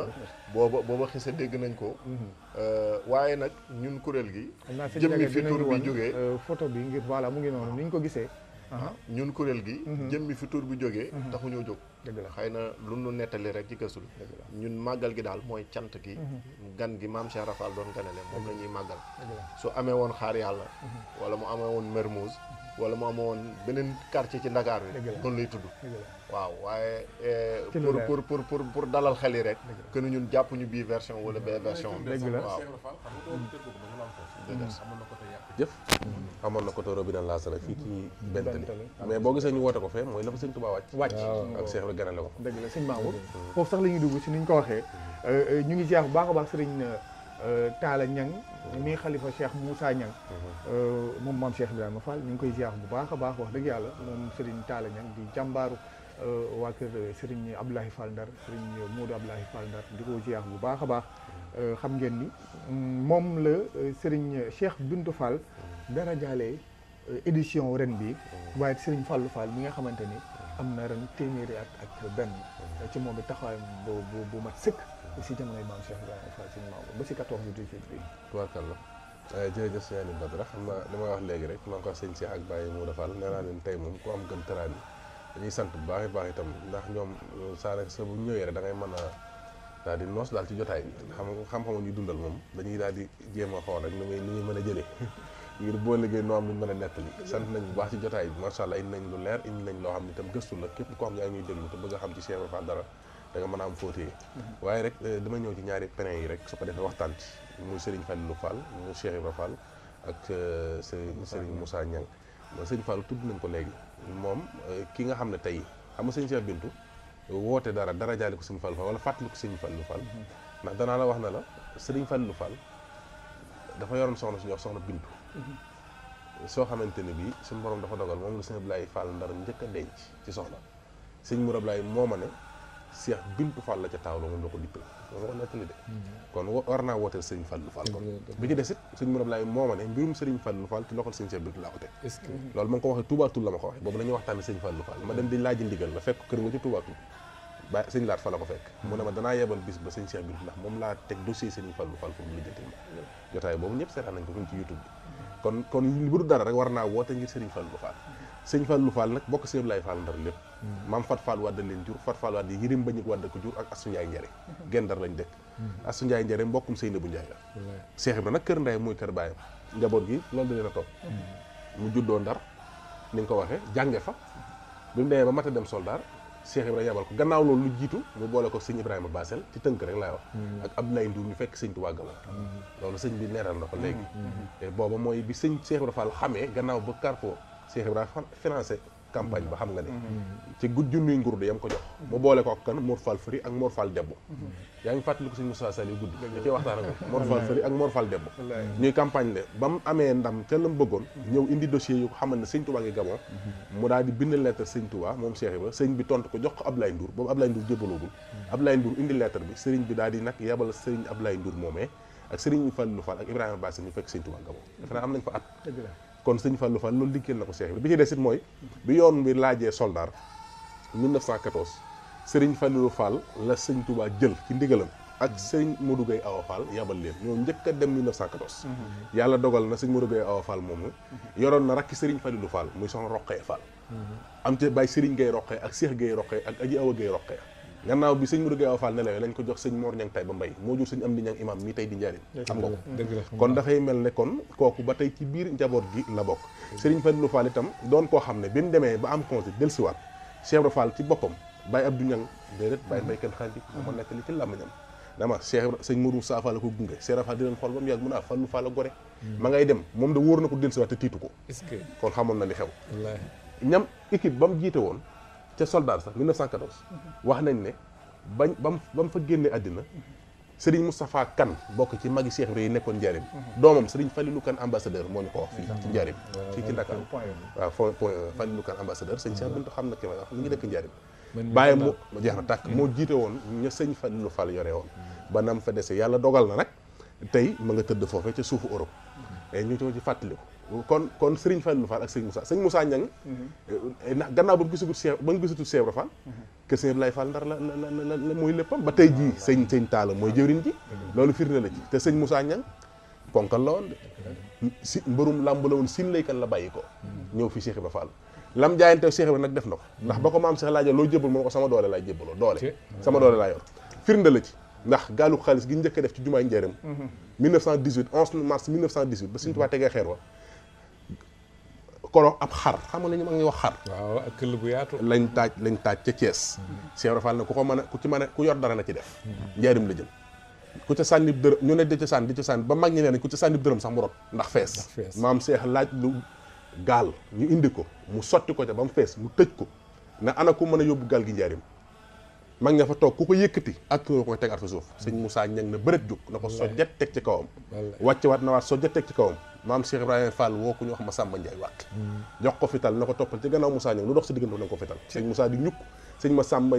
booba booba xisa dégg nañ ko. Hmm. Euh, waaye nag ñun kuréel gi. jëmmi fi tur bi jógee euh, photo bi ngir voilà mu ngi noonu ni ñu ko gisee. Ah, ñun kuréel gi. jëmmi fi tur bi jógee. taxu ñoo jóg. dëgg la na lu nu nettali rek ci gëstu ñun màggal gi daal mooy cant gi. gan gi maam Cheikh Rafal doon le moom la ñuy màggal. su amee woon xaar yàlla. wala mu amee woon Mermoz. wala mu amoon beneen quartier ci Ndakaar bi noonu lay tudd waaw waaye eh, pour pour pour pour dalal xel yi rek que ñun jàpp ñu bii version wala bee version waaw jëf amoon na côté robinet laasara fii ci bentali mais boo gisee ñu woote ko fee mooy la fa sëñ Tuubaa wàcc wàcc ak Cheikh la ganale ko dëgg la sëñ Mamour foofu sax la ñuy dugg si ni ñu ko waxee euh, euh, ñu ngi ziar bu baax a baax sëriñ euh, Taala Ñang nii xalifa Cheikh Moussa Niang moom maam Cheikh Ibrahima Fall ñu ngi koy ziar bu baax a baax wax dëgg yàlla moom Serigne Talla Niang di jàmbaaru waa kër Serigne Abdoulaye Fall Ndar Serigne Modou Abdoulaye Fall Ndar di ko ziar bu baax a baax xam ngeen ni moom la Serigne Cheikh Bintou Fall dara jaalee édition ren bi waaye Serigne Fallou Fall mi nga xamante ni am na ren téeméeri at ak benn ci moom it taxawaayam bu bu mat sëkk si jamonoy maam Cheikh Ibrahima Fall si maam ba si 14 février. tubaarkàlla jërëjëf sëñ Aliou xam naa li ma wax léegi rek maa ngi koy sëñ si ak Baye Moura Fall nee naa leen tey moom ku am gën tëraan yi dañuy sant bu baax a baax itam ndax ñoom saa rek sa bu ñëwee rek da ngay mën a daal di noos daal ci jotaay bi xam xam-xamu ñu dundal moom dañuy daal di jéem a xool rek nu muy nu ñuy mën a jëlee ngir boo liggéey noo am lu mën a nettali sant nañ bu baax ci jotaay bi macha allah indi nañ lu leer indi nañ loo xam ni tam gëstu la képp koo xam yaa ñuy xam ci Cheikh Ibrahima Fall da nga mën a am fóotee mhm. waaye rek euh, dama ñëw ci ñaari parrain yi rek su ko defee waxtaan ci muy Serigne Fallou Fall muy Cheikh Ibra Fall ak Serigne euh, Serigne Moussa Niang Serigne Fall tudd nañ ko léegi moom euh, ki nga xam ne tey xam nga Serigne woote dara dara jaale ko Serigne Fallou wala fàttali ko Serigne Fallou Fall mhm. ndax danaa la wax na la Serigne Fallou Fall dafa yoroon soxna suñu wax soxna Bintou mhm. soo xamante ne bii suñu borom dafa dogal moom la Serigne Ablaye Fall Ndar njëkk a denc ci soxna Serigne Mour Ablaye mooma ne Seex Bintu Fall la ca taawloo moom la ko dippee loolu ko nettali de kon war naa wooteel Sëriñ Fallu danaa yebal bis ba sëñ Seex Bintu ndax moom laa teg dossier Sëriñ Fallu Fall pour mu lijjanti ma jotaay boobu ñëpp seetaan nañ ko fuñ ci YouTube bi kon kon bu dul dara rek war naa woote ngir Sëriñ Fallu Fall Sëriñ Fallu Fall nag bokk Ndar lépp maam Fat Fall Wade leen jur Fat Fall Wade Yirim Mbagnick Wade ko jur ak Assou Ndiaye Njare gendar lañ dëkk hmm. Assou Ndiaye Njare mbokkum Seynabou Ndiaye la Cheikh Ibra nag kër ndey muy kër baayam njaboot gi loolu da leen a topp hmm. mu juddoo Ndar ni nga ko waxee jànge fa bi mu demee ba mat a dem soldaar Cheikh Ibra yabal ko gannaaw loolu lu jiitu mu boole ko sëñ Ibrahima Basel ci tënk rek laay wax hmm. ak Abdoulaye Ndour ñu fekk sëñ Tuubaa Gabon loolu sëñ bi leeral na ko léegi booba mooy bi sëñ Cheikh Ibra Fall xamee gannaaw ba Carrefour Cheikh Ibra campagne ba xam nga ne mm-hmm. ci gud junniy ngurdu yam ko jox mu boole ko ak kan Mor Fall Fëri ak Mor Fall Debbo mm-hmm. yaa ngi fàttaliku sëñ Moussa Sall yu guddi da ciy waxtaan ak Mor Fall ñuy campagne le ba mu amee ndam ca mu bëggoon mm-hmm. ñëw indi dossier yu ko xamal ne sëñ Touba ngi Gabon mu daa di bind lettre sëñ Touba moom Cheikh Ibra sëñ bi tontu ko jox ko Ablaye Ndour boobu Ablaye Ndour jébaloogul Ablaye Ndour indi lettre bi sëriñ bi daal di nag yebal sëriñ Ablaye Ndour moomee ak sëriñ Fallou Fall ak Ibrahima Bass ñu fekk sëñ Touba Gabon dafa am nañ fa at kon sëñ Fallou Fall loolu liggéeyal na ko Cheikh bi ci des it mooy bi yoon bi laajee soldaar 1914 Serigne Fallou Fall la sëñ Touba jël ci ndigalam ak sëñ mu Gueye Awa Fall yabal leen ñoo njëkk a dem 1914. Mhm. yàlla dogal na sëñ Modou Gueye Awa Fall moomu mhm. yoroon na rakki Serigne Fallou Fall muy soxna Roqee Fall. Mhm. am te bàyyi Serigne Gueye Roqee ak Cheikh Gueye Roqee ak Aji Awa Gueye Roqee. gannaaw bi sëñ Modou Gueye Awa Fall nelawee lañ ko jox sëñ Mor Niang tay ba mbay moo jur sëñ am di ñang imam mi tey di njaarim xam nga ko kon dafay mel ne kon kooku ba tey ci biir njaboot gi la bokk sëriñ Fallou Fall itam xam ne bi mu demee ba am congé dellusiwaat Cheikh Ibra Fall ci boppam Baye Abdou Niang déedéet Baye Mbaykan Xaali moo nekk li ci làmmiñam dama Cheikh sëñ Modou Moussa Fall ko gunge Cheikh Ibra Fall di leen xool ba mu yàgg mun a ah, Fallou Fall gore hmm. ma ngay dem moom da wóor na ko dellusiwaat te tiitu ko kon xamoon na li xew ñam équipe ba mu jiite woon ca soldat sax 1914. wax nañ ne bañ bam ba mu fa génnee àddina Serigne Moustapha Kane bokk ci magi Cheikh Ibrahima yi nekkoon Njaareem. doomam Serigne Falilou Kane ambassadeur moo ñu ko wax. fii ci Njaareem fii ci Ndakaaru. waaw point euh, Falilou Kane ambassadeur sëñ Cheikh xam na ki ma wax mi ngi dëkk Njaareem. bàyyi mu jeex na tàkk moo jiite woon ña sëñ Falilou Fall yore woon. ba nam fa dese yàlla dogal na nag tey ma nga tëdd foofe ca suufu Europe. ñu ngi ci ko kon kon Serigne Fallou Fall ak Serigne Moussa Serigne Moussa Niang mhm. eh, ndax gannaaw ba mu gisagut Cheikh ba mu gisatul Cheikh Ibra Fall mhm. que Serigne Abdoulaye Fall ndar la la la mooy léppam ba tey jii sëñ ah, sëñ Talla mooy jëwriñ ji mhm. loolu firnde la ci te Serigne Moussa Niang ponkal la mbërum làmb la woon sin laykan la bàyyi ko ñëw fi Cheikh Ibra Fall lam jaayante Cheikh Ibra nag def na ko ndax ba ko maam Cheikh laajo loo jébal moo ko sama doole laay jébaloo doole sama doole laa yor firnde ci ndax gaalu xaalis a def ci jumaay Njaaréem 1918 11 mars koro ab xar xam nga ñu ma ngi wax xar. waaw ak këll bu yaatu. lañ taaj lañ taaj ca Thiès. Cheikh Rafal ne ku ko mën a ku ci mën a ku yor dara na ci def. njaarim la jëm. ku ca sànni dërëm ñu ne di ca sànni di ca sànni ba mag ñi ne ku ca sànni dërëm sax mu rot ndax fees. maam Cheikh laaj lu gaal ñu indi ko mu sotti ko ba mu fees mu tëj ko ne ana ku mën a yóbbu gaal gi njaarim. mag nga fa toog ku ko yëkkati ak ko koy tegaat fa suuf sëñ musaa ñang na bërët jóg na ko sojjat teg ci kawam wàcce waat na waat sojjat teg ci kawam maam Cheikh Ibrahima Fall woo ku ñu wax Massamba Ndiaye Watt jox ko fital na ko toppal ci gannaaw Moussa ñëw lu dox si diggante na ko fital sëñ Moussa di ñukk sëñ Massamba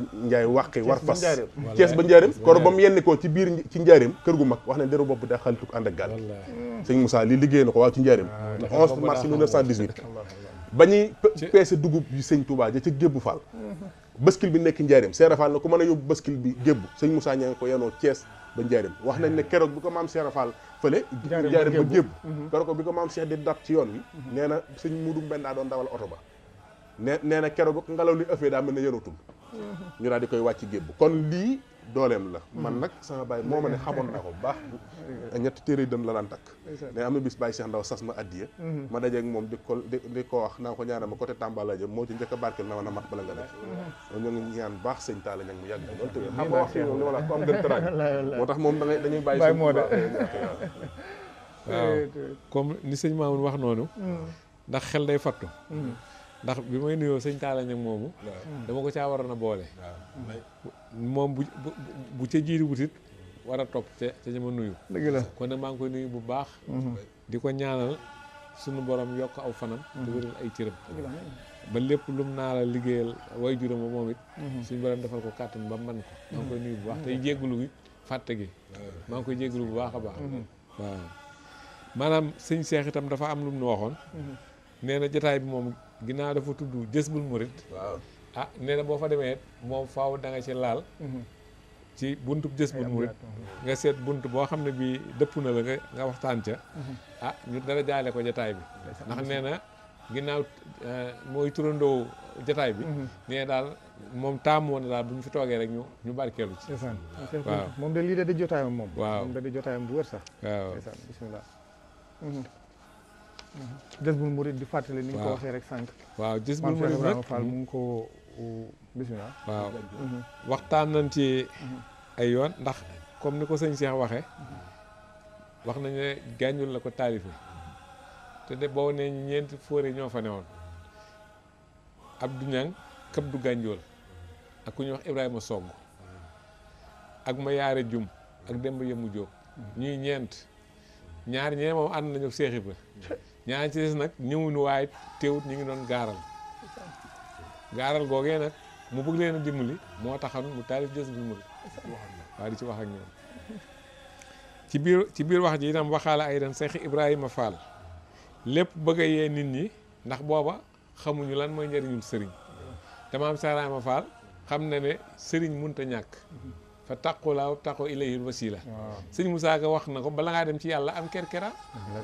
war fas Thiès ba njaareem koro ba mu yenni ko ci biir ci kër gu mag wax ne deru bopp daa xalituk ànd ak gaal sëñ Moussa lii na ko waaw ci njaareem 11 mars 1918 ba ñuy peese dugub yi sëñ Touba ja ca Gébbu Fall bëskil bi nekk njaareem Seera Fall na ko mën a yóbbu bëskil bi Gébbu sëñ Moussa ña ngi ko yenoo Thiès ba njaareem wax nañ ne keroog bi ko maam Seera Fall fële jaare ba jébb mhm. keroog bi ko maam Cheikh di dab ci yoon wi mhm. nee na sëñ Mudu Mbenn daa doon dawal oto ba ne nee na keroog ngelaw li ëffee daa mel ne yëratul mhm. ñu daal di koy wàcc gébb kon lii dooleem la mm-hmm. man nag sama baay moo ma ne xamoon na ko bu baax ñetti téere dën la laan takk mais am na bis Baye Cheikh Ndaw sas ma addiya mm-hmm. ma dajeeg moom di ko di ko wax naa ko ñaanal ma côté Tamba la jëm moo ci njëkk a barkeel na ma na mat bala nga mm-hmm. nekk baax sëñ Talla ñangi yàgg loolu tamit xam nga moom li ma la ko am gën moo tax moom dañuy bàyyi sëñ moo eh, waaw eh, eh. comme ni sëñ Mamoun wax noonu mm. ndax xel day fattu mm. ndax bi may nuyoo sëñ Talla Niang moomu. dama ko caa waroon a boole. moom bu bu ca jiitu wutit war a topp ca ca ñama nuyu. la kon nag maa ngi koy nuyu bu baax. Mhm. di ko ñaanal sunu borom yokk aw fanam. te mhm. wëral ay cëram. ba lépp lum naa la liggéeyal way juróom ba moom it. Mhm. suñu borom defal ko kàttan ba man ko. maa ngi koy nuyu bu baax tey jégalu gi fàtte gi. maa ngi koy jégalu bu baax a baax. waaw maanaam sëñ Cheikh itam dafa am lu mu nu waxoon. nee na jotaay bi moom. ginnaaw dafa tudd jësbul murit waaw ah nee na boo fa demee moom faw da nga ci laal mhm. ci buntu jësbul murit nga seet bunt boo xam ne bii dëpp na la nga nga waxtaan ca mhm. ah ñu dara jaale ko jataay bi ndax nee na ginnaaw eh, mooy turandoo jataay bi mhm. nee daal moom taamu woon daal bu ñu fi toogee rek ñu ñu barkeelu ci waaw moom de lii da di jotaayam moom moom da di jotaayam bu wër sax waaw bismillah Jazbul Murid di fàttali ni ko waxee rek sànq. waaw Jazbul Murid nag Fall mu ngi ko bisimilah. Mhm. waxtaan nañ ci mhm. ay yoon ndax comme ni ko sëñ Cheikh waxe wax nañ ne gàññul la ko taalifi te de boo nee ñeenti fóore ñoo fa newoon Abdou Niang këb du gànjool ak ku ñuy wax Ibrahima Sogg ak ma yaare jum ak Demba Yemu Jóob mhm. ñuy ñeent ñaar ñee moom ànd nañu Seex Ibra ñaar ci des nag ñëwuñu waaye teewut ñu ngi doon gaaral gaaral googee nag mu bëgg leen a dimbali moo taxam mu taalif jës bi mu waaye di ci wax ak ñoom ci biir ci biir wax ji itam waxaala ay dan Seex Ibrahima Fall lépp bëgg yee nit ñi ndax booba xamuñu lan mooy njëriñul sëriñ te maam Seex Ibrahima Fall xam na ne sëriñ munta ñàkk fa taqulaaw taqo ilayhil wasila sëñ Moussa Ka wax na ko bala ngaa dem ci yàlla am kerkera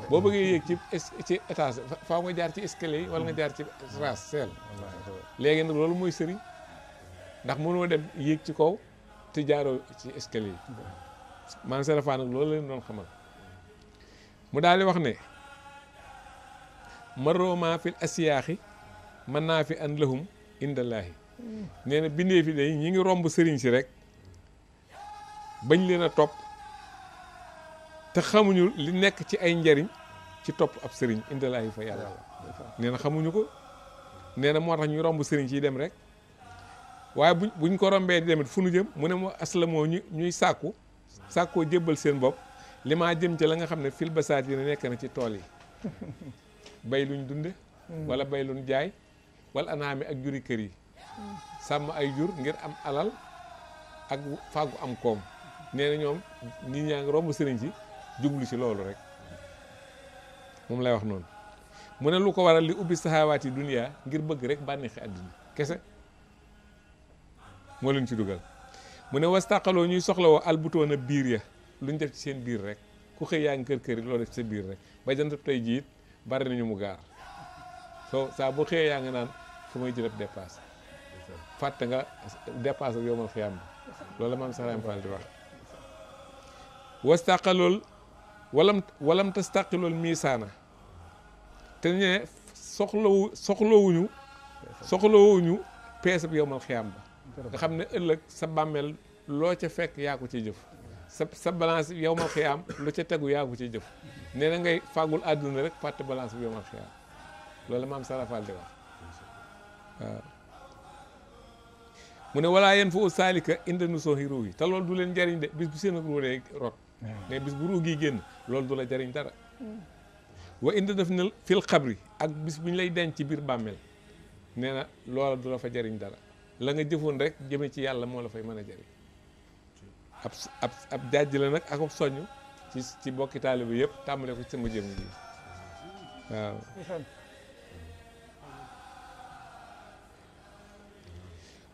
boo bëggee yéeg ci ci étage faaw nga jaar ci escalier yi wala nga jaar ci raas seel léegi nag loolu mooy sëriñ ndax mënoo dem yéeg ci kaw te jaaroo ci escalier yi maam Serapha nag loolu leen doon xamal mu daal di wax ne maroma fil asiyaaxi mën naa fi an lahum indallaahi hmm. nee na bindee fi day ñi ngi romb sëriñ si rek bañ leen a topp te xamuñu li nekk ci ay njariñ ci topp ab sëriñ indi laay fa yàlla nee na xamuñu ko nee na moo tax ñu romb sëriñ ciy dem rek waaye bu buñ ko rombee di demit fu nu jëm mu ne moo aslamoo ñu ñuy sàkku sàkkoo jébbal seen bopp li maa jëm ci la nga xam ne fil basaat yi ne nekk na ci tool yi bay luñ dunde mm. wala bay luñ jaay wala anaami ak juri kër yi mm. sàmm ay jur ngir am alal ak fàggu am koom nee ñom nit ñang romb sëriñ ci jublu ci loolu rek moom lay wax mu lu ko waral li ubbi sahawati dunya ngir bëgg rek bànneexi àddina kese moo leen ci dugal mu ne wastaqaloo ñuy soxlawoo albutoon a biir ya luñ def ci seen biir rek ku xëy yaa ngi kër kër yi def ci sa biir rek ba jant tey jiit bari nañu mu gaar so bu xëyee yaa nga naan fu may dépasse fàtte nga dépasse ak loolu di wax. wastaqalool walam walam tastaqilul miisaana te ñee soxlawu soxlawuñu soxlawuñu peese bi yowmal xiyaam ba nga xam ne ëllëg sa bàmmeel loo ca fekk yaa ko ci jëf sa sa balance bi yowmal xiyaam lu ca tegu yaa ko ci jëf nee na ngay fàggul àdduna rek fàtte balance bi yowmal xiyaam loolu maam sarafal di wax mu ne walaa yéen fa u saalika inde nu sooxi ruuy te loolu du leen njariñ de bis bu ak ruuree rot mais bis bu ruu gi génn loolu du la jariñ dara hmm. wa indi def na fil xabri ak bis bu ñu lay denc ci biir bàmmeel nee na loola du la fa jariñ dara la nga jëfoon rek jëme ci yàlla moo la fay mën a jariñ ab ab jàjj la nag ak ab soññ ci ci bokki taalibe yëpp tàmbale ko ci sama jëm ji waaw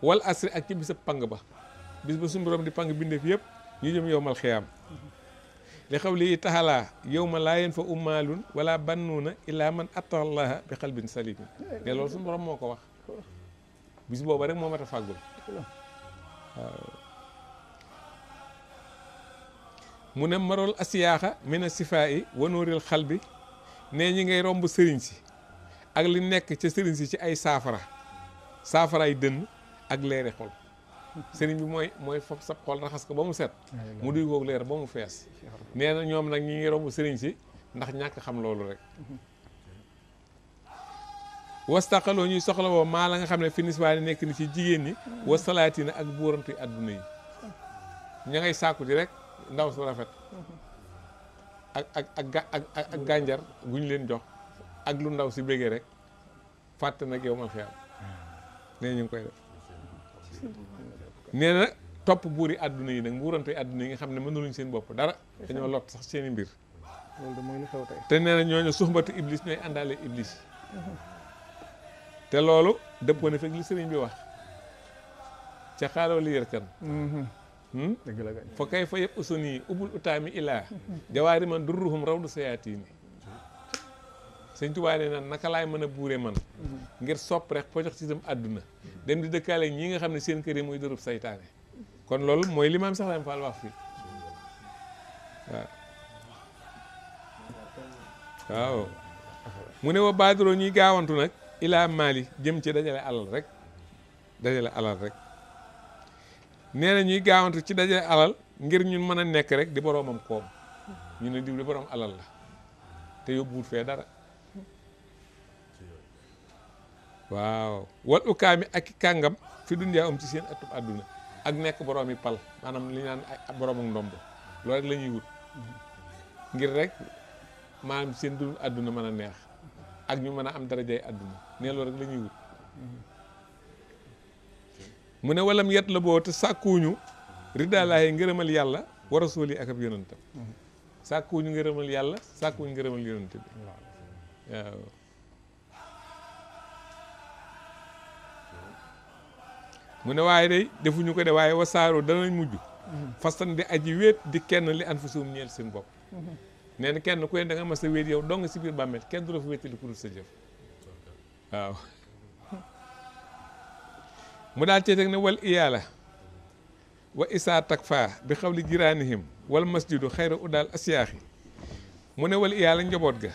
wal asri ak ci bisab pang ba bis ba suñu borom di pang bindeef yëpp ñu jëm yowmal xiyaam لقوله تعالى يوم لا ينفع مال ولا بنون الا من اتى الله بقلب سليم دي لول سون بروم موكو واخ بيس بوبا رك موماتا فاغول من مرول اسياخ من الصفاء ونور القلب نيني غي رومب سيرين سي اك لي نيك تي سيرين سي اي سافرا سافرا اي دن اك ليري خول sëriñ bi mooy mooy foog sa xool raxas ko ba mu set mu duy koog leer ba mu fees nee ñoom nag ñu ngi romb sëriñ si ndax ñàkk xam loolu rek wastaqaloo ñuy soxla woo maa la nga xam ne finis ni nekk ni ci jigéen ñi wasalaatina ak bóorantu adduna yi ña ngay sàkku ji rek ndaw su rafet ak ak ak ak gànjar gu leen jox ak lu ndaw si bégee rek fàtte nag yow ma fi am ah. nee ñu ngi koy def nee na topp yi àdduna yi nag mbuurante àdduna yi nga xam ne mënuluñ seen bopp dara dañoo lot sax seen mbir loolu de mooy li xew tey te nee na ñooñu suxmbati iblis ñooy àndaale iblis te loolu dëppoo na fekk li sëriñ bi wax ca xaaloo li yërkan mm-hmm. hmm? dëgg la fa kay fa yëpp usuni ubul utaami ilaa jawaari man durruhum raw du sayaatini sëñ Tuubaa nee naan naka laay mën a buure man ngir sopp rek pojoxitam àdduna dem di dëkkaale ñii nga xam ne seen kër yi mooy dërëb saytaane kon loolu mooy li maam Seex Ibrahima Fall fii waaw mu ne wa baaduroo ñuy gaawantu nag ilaa maali jëm ci dajale alal rek dajale alal rek nee na ñuy gaawantu ci dajale alal ngir ñun mën a nekk rek di boroomam koom ñu ne diw di boroom alal la te yóbbuwut fee dara waaw wal ukaami ak i kàngam fi dunyaa um ci seen atum àdduna ak nekk boroomi pal maanaam li ñu naan ay boroomu ndomb loolu rek la ñuy wut ngir rek maanaam seen dund àdduna mën a neex ak ñu mën a am darajay àdduna nee loolu rek la ñuy wut mu ne walam yet la boo te sàkkuuñu riddaalaaye ngërëmal yàlla wa rasuul yi ak ab yonantam mm-hmm. sàkkuuñu ngërëmal yàlla sàkkuuñu ngërëmal yonante bi mu ne waaye day defuñu ko de waaye wa wasaaroo danañ mujj mhm. fastan di aji wéet di kenn li an fa suum ñeel seen bopp mhm. nee kenn ku ne da nga mas wéet yow dong si biir bàmmeel kenn du la fa wéetali ku dul sa jëf waaw mu daal cee teg ne wal iyaala wa isaa takfa bi xawli jiraanihim wal masjidu xayra udaal asiyaaxi mu ne wal iyaala njaboot ga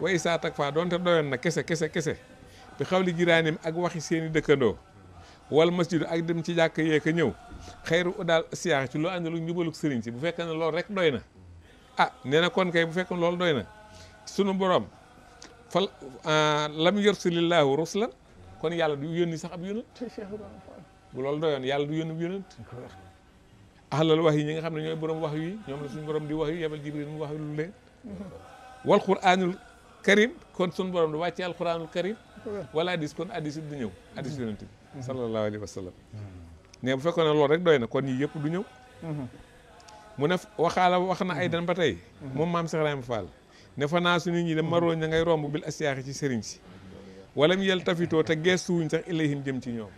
wa isaa takfa doonte doyoon na kese kese kese bi xawli jiraanihim ak waxi seeni dëkkandoo wal masjidu ak dem ci jàkk yee ka ñëw xayru daal siyaax ci loo ànd lu njubalug sëriñ si bu fekkee ne loolu rek doy na a ah, nee na kon kay bu fekkee loolu doy na sunu borom fal ah, lam yursilillaahu rusulan kon yàlla du yónni sax ab yónent bu loolu doyoon yàlla du yónni ab yónent wax yi ñi nga xam ne ñooy borom wax yi ñoom la suñu borom di wax yu yebal jibril mu wax lu leen wal quraanul karim kon sunu borom du wàcce alquraanul karim wala hadis kon hadis bi du ñëw hadis yónent bi sallallahu alayhi wa sallam ne bu fekkoon ne loolu rek doy na kon yii yëpp du ñëw mu ne waxaala wax na ay dan ba tey moom maam Cheikh Ibrahima Fall ne fa naa su nit ñi de marooñ na ngay romb bil asiyaaxi ci sëriñ si wala mu yel tafitoo te geestuwuñ sax ilayhim jëm ci ñoom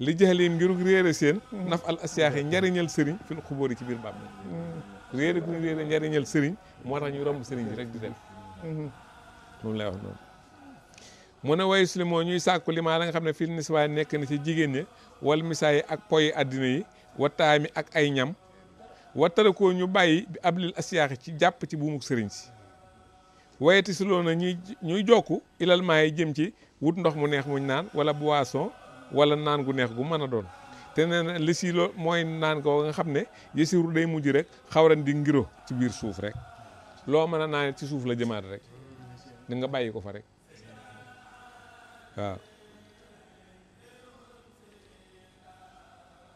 li jaxaleem ngirug réere seen naf al asiyaaxi njariñal sëriñ fil xubóor yi ci biir bàmmeel réere gu ñu réere njariñal sëriñ moo tax ñu romb sëriñ bi rek di dem moom lay wax noonu mu ne wayus li ñuy sàkku li la nga xam ne fii niswaay nekk na ci jigéen ñi wal misaay ak poyi àddina yi wattaay mi ak ay ñam wattale ko ñu bàyyi bi ablil asiyaaxi ci jàpp ci buumuk sëriñ si wayeti si loolu na ñuy ñuy jokku ilal maa yi jëm ci wut ndox mu neex muñ naan wala boisson wala naan gu neex gu mën a doon te nee na mooy naan ko nga xam ne yësiru day mujj rek xawran di ngiro ci biir suuf rek loo mën a naan ci suuf la jëmaat rek da nga bàyyi ko fa rek waaw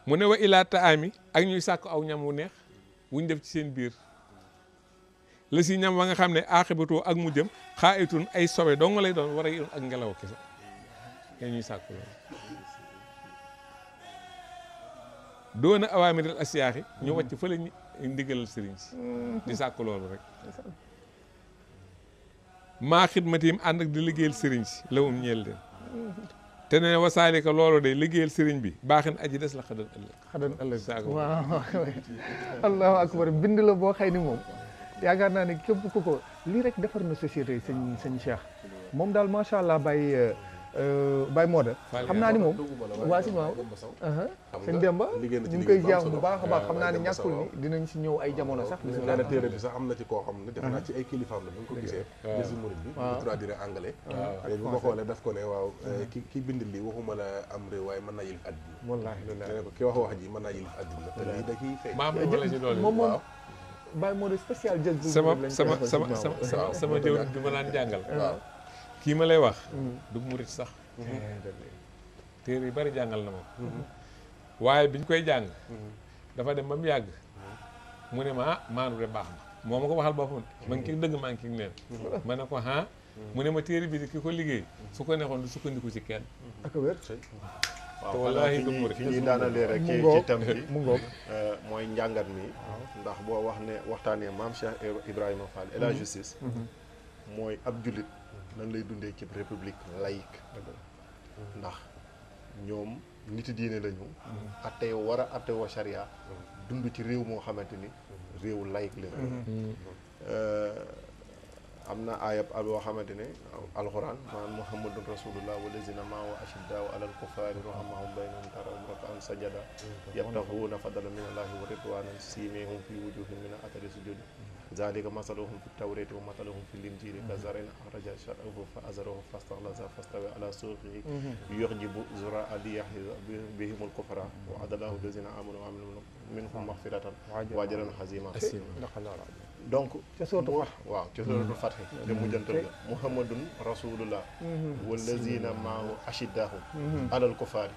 mu ne wa ilaa taami ak ñuy sàkk aw ñam wu neex wuñ def ci seen biir la ñam wa nga xam ne aaxibatoo ak mu jëm xaa itun ay sobe dong lay doon war a ak ngelaw kese ñuy sàkk loolu doona awaamiril asiyaaxi ñu wàcc fële ndigalal sëriñ di sàkk loolu rek maa xidmatiim ànd ak di liggéeyal sëriñ si lawum ñeel leen te ne ko looloo day liggéeyal sëriñ bi baaxin aji des la xadan ëllëg xadan ëllëg saako waaw allahu akbar bind la boo xëy ni moom yaakaar naa ne képp ku ko lii rek defar na société sëñ sëñ Cheikh moom daal macha allah bàyyi euh, Euh, Baye Modou. xam naa ni moom waa si waaw. Uh-huh. sëñ Demba baax a baax eh, xam naa ni ñàkkul ni dinañ si ñëw ay jamono sax. gis naa ne téere bi sax am na ci koo xam ne. def naa ci uh-huh. ay kilifaam la bu ko gisee. waaw gis murid bi. waaw mu uh-huh. traduire anglais. waaw xoolee daf ko ne waaw ki ki bind lii waxuma la am réew waaye man naa yilif àddina. wallaahi dëgg la ki wax wax ji mën naa yilif àddina. te lii da ciy feeñ. maam wala si doole moom moom. Baye Modou spécial jël. sama sama sama bi ma naan jàngal waaw kii ma lay wax. Mm. du murit sax. Mm-hmm. Eh, téere yu bari jàngal na moom. Mm-hmm. waaye biñ koy jàng. Mm-hmm. dafa dem ba mu yàgg. mu ne ma ah maanu de baax na moo ma ko waxal boppam. ma ngi ciy dëgg maa ngi ciy neen. ma ne ko ah. mu ne ma téere bi di ki ko liggéey. su ko neexoon du sukkandiku ci kenn. ak wér. te wallaahi du murit fi ñuy daanalee rek ci tam bi mu ngoog euh, mooy njàngat mi. ndax boo wax ne waxtaanee maam Cheikh Ibrahima Fall et la justice. mooy ab jullit. nan lay dundee ci république laïque ndax ñoom nit diine lañu atte war a atte wa charia dund ci réew moo xamante ni réew laïque la euh, am na ayab al boo xamante ne alxuraan maanaam muhammadun rasulullah walazina maa wa ashiddaau alal kufaari ruhamaau baynahum tarahum rakaan sajada mm. yabtaxuuna fadala min allahi wa ridwanan siimihum fi wujuhim min atari sujudi ذلك مثلهم في التوراة ومثلهم في الإنجيل كزرعين أخرج شرعه فأزره فاستغلظ فاستوى على سوقه يعجب زرع ليحيز بهم الكفرة وعدله الذين آمنوا وعملوا منهم مغفرة وأجرا حزيما دونك تسورة واه واه تسورة الفتح لمجنت إيه؟ محمد رسول الله والذين معه أشده على الكفار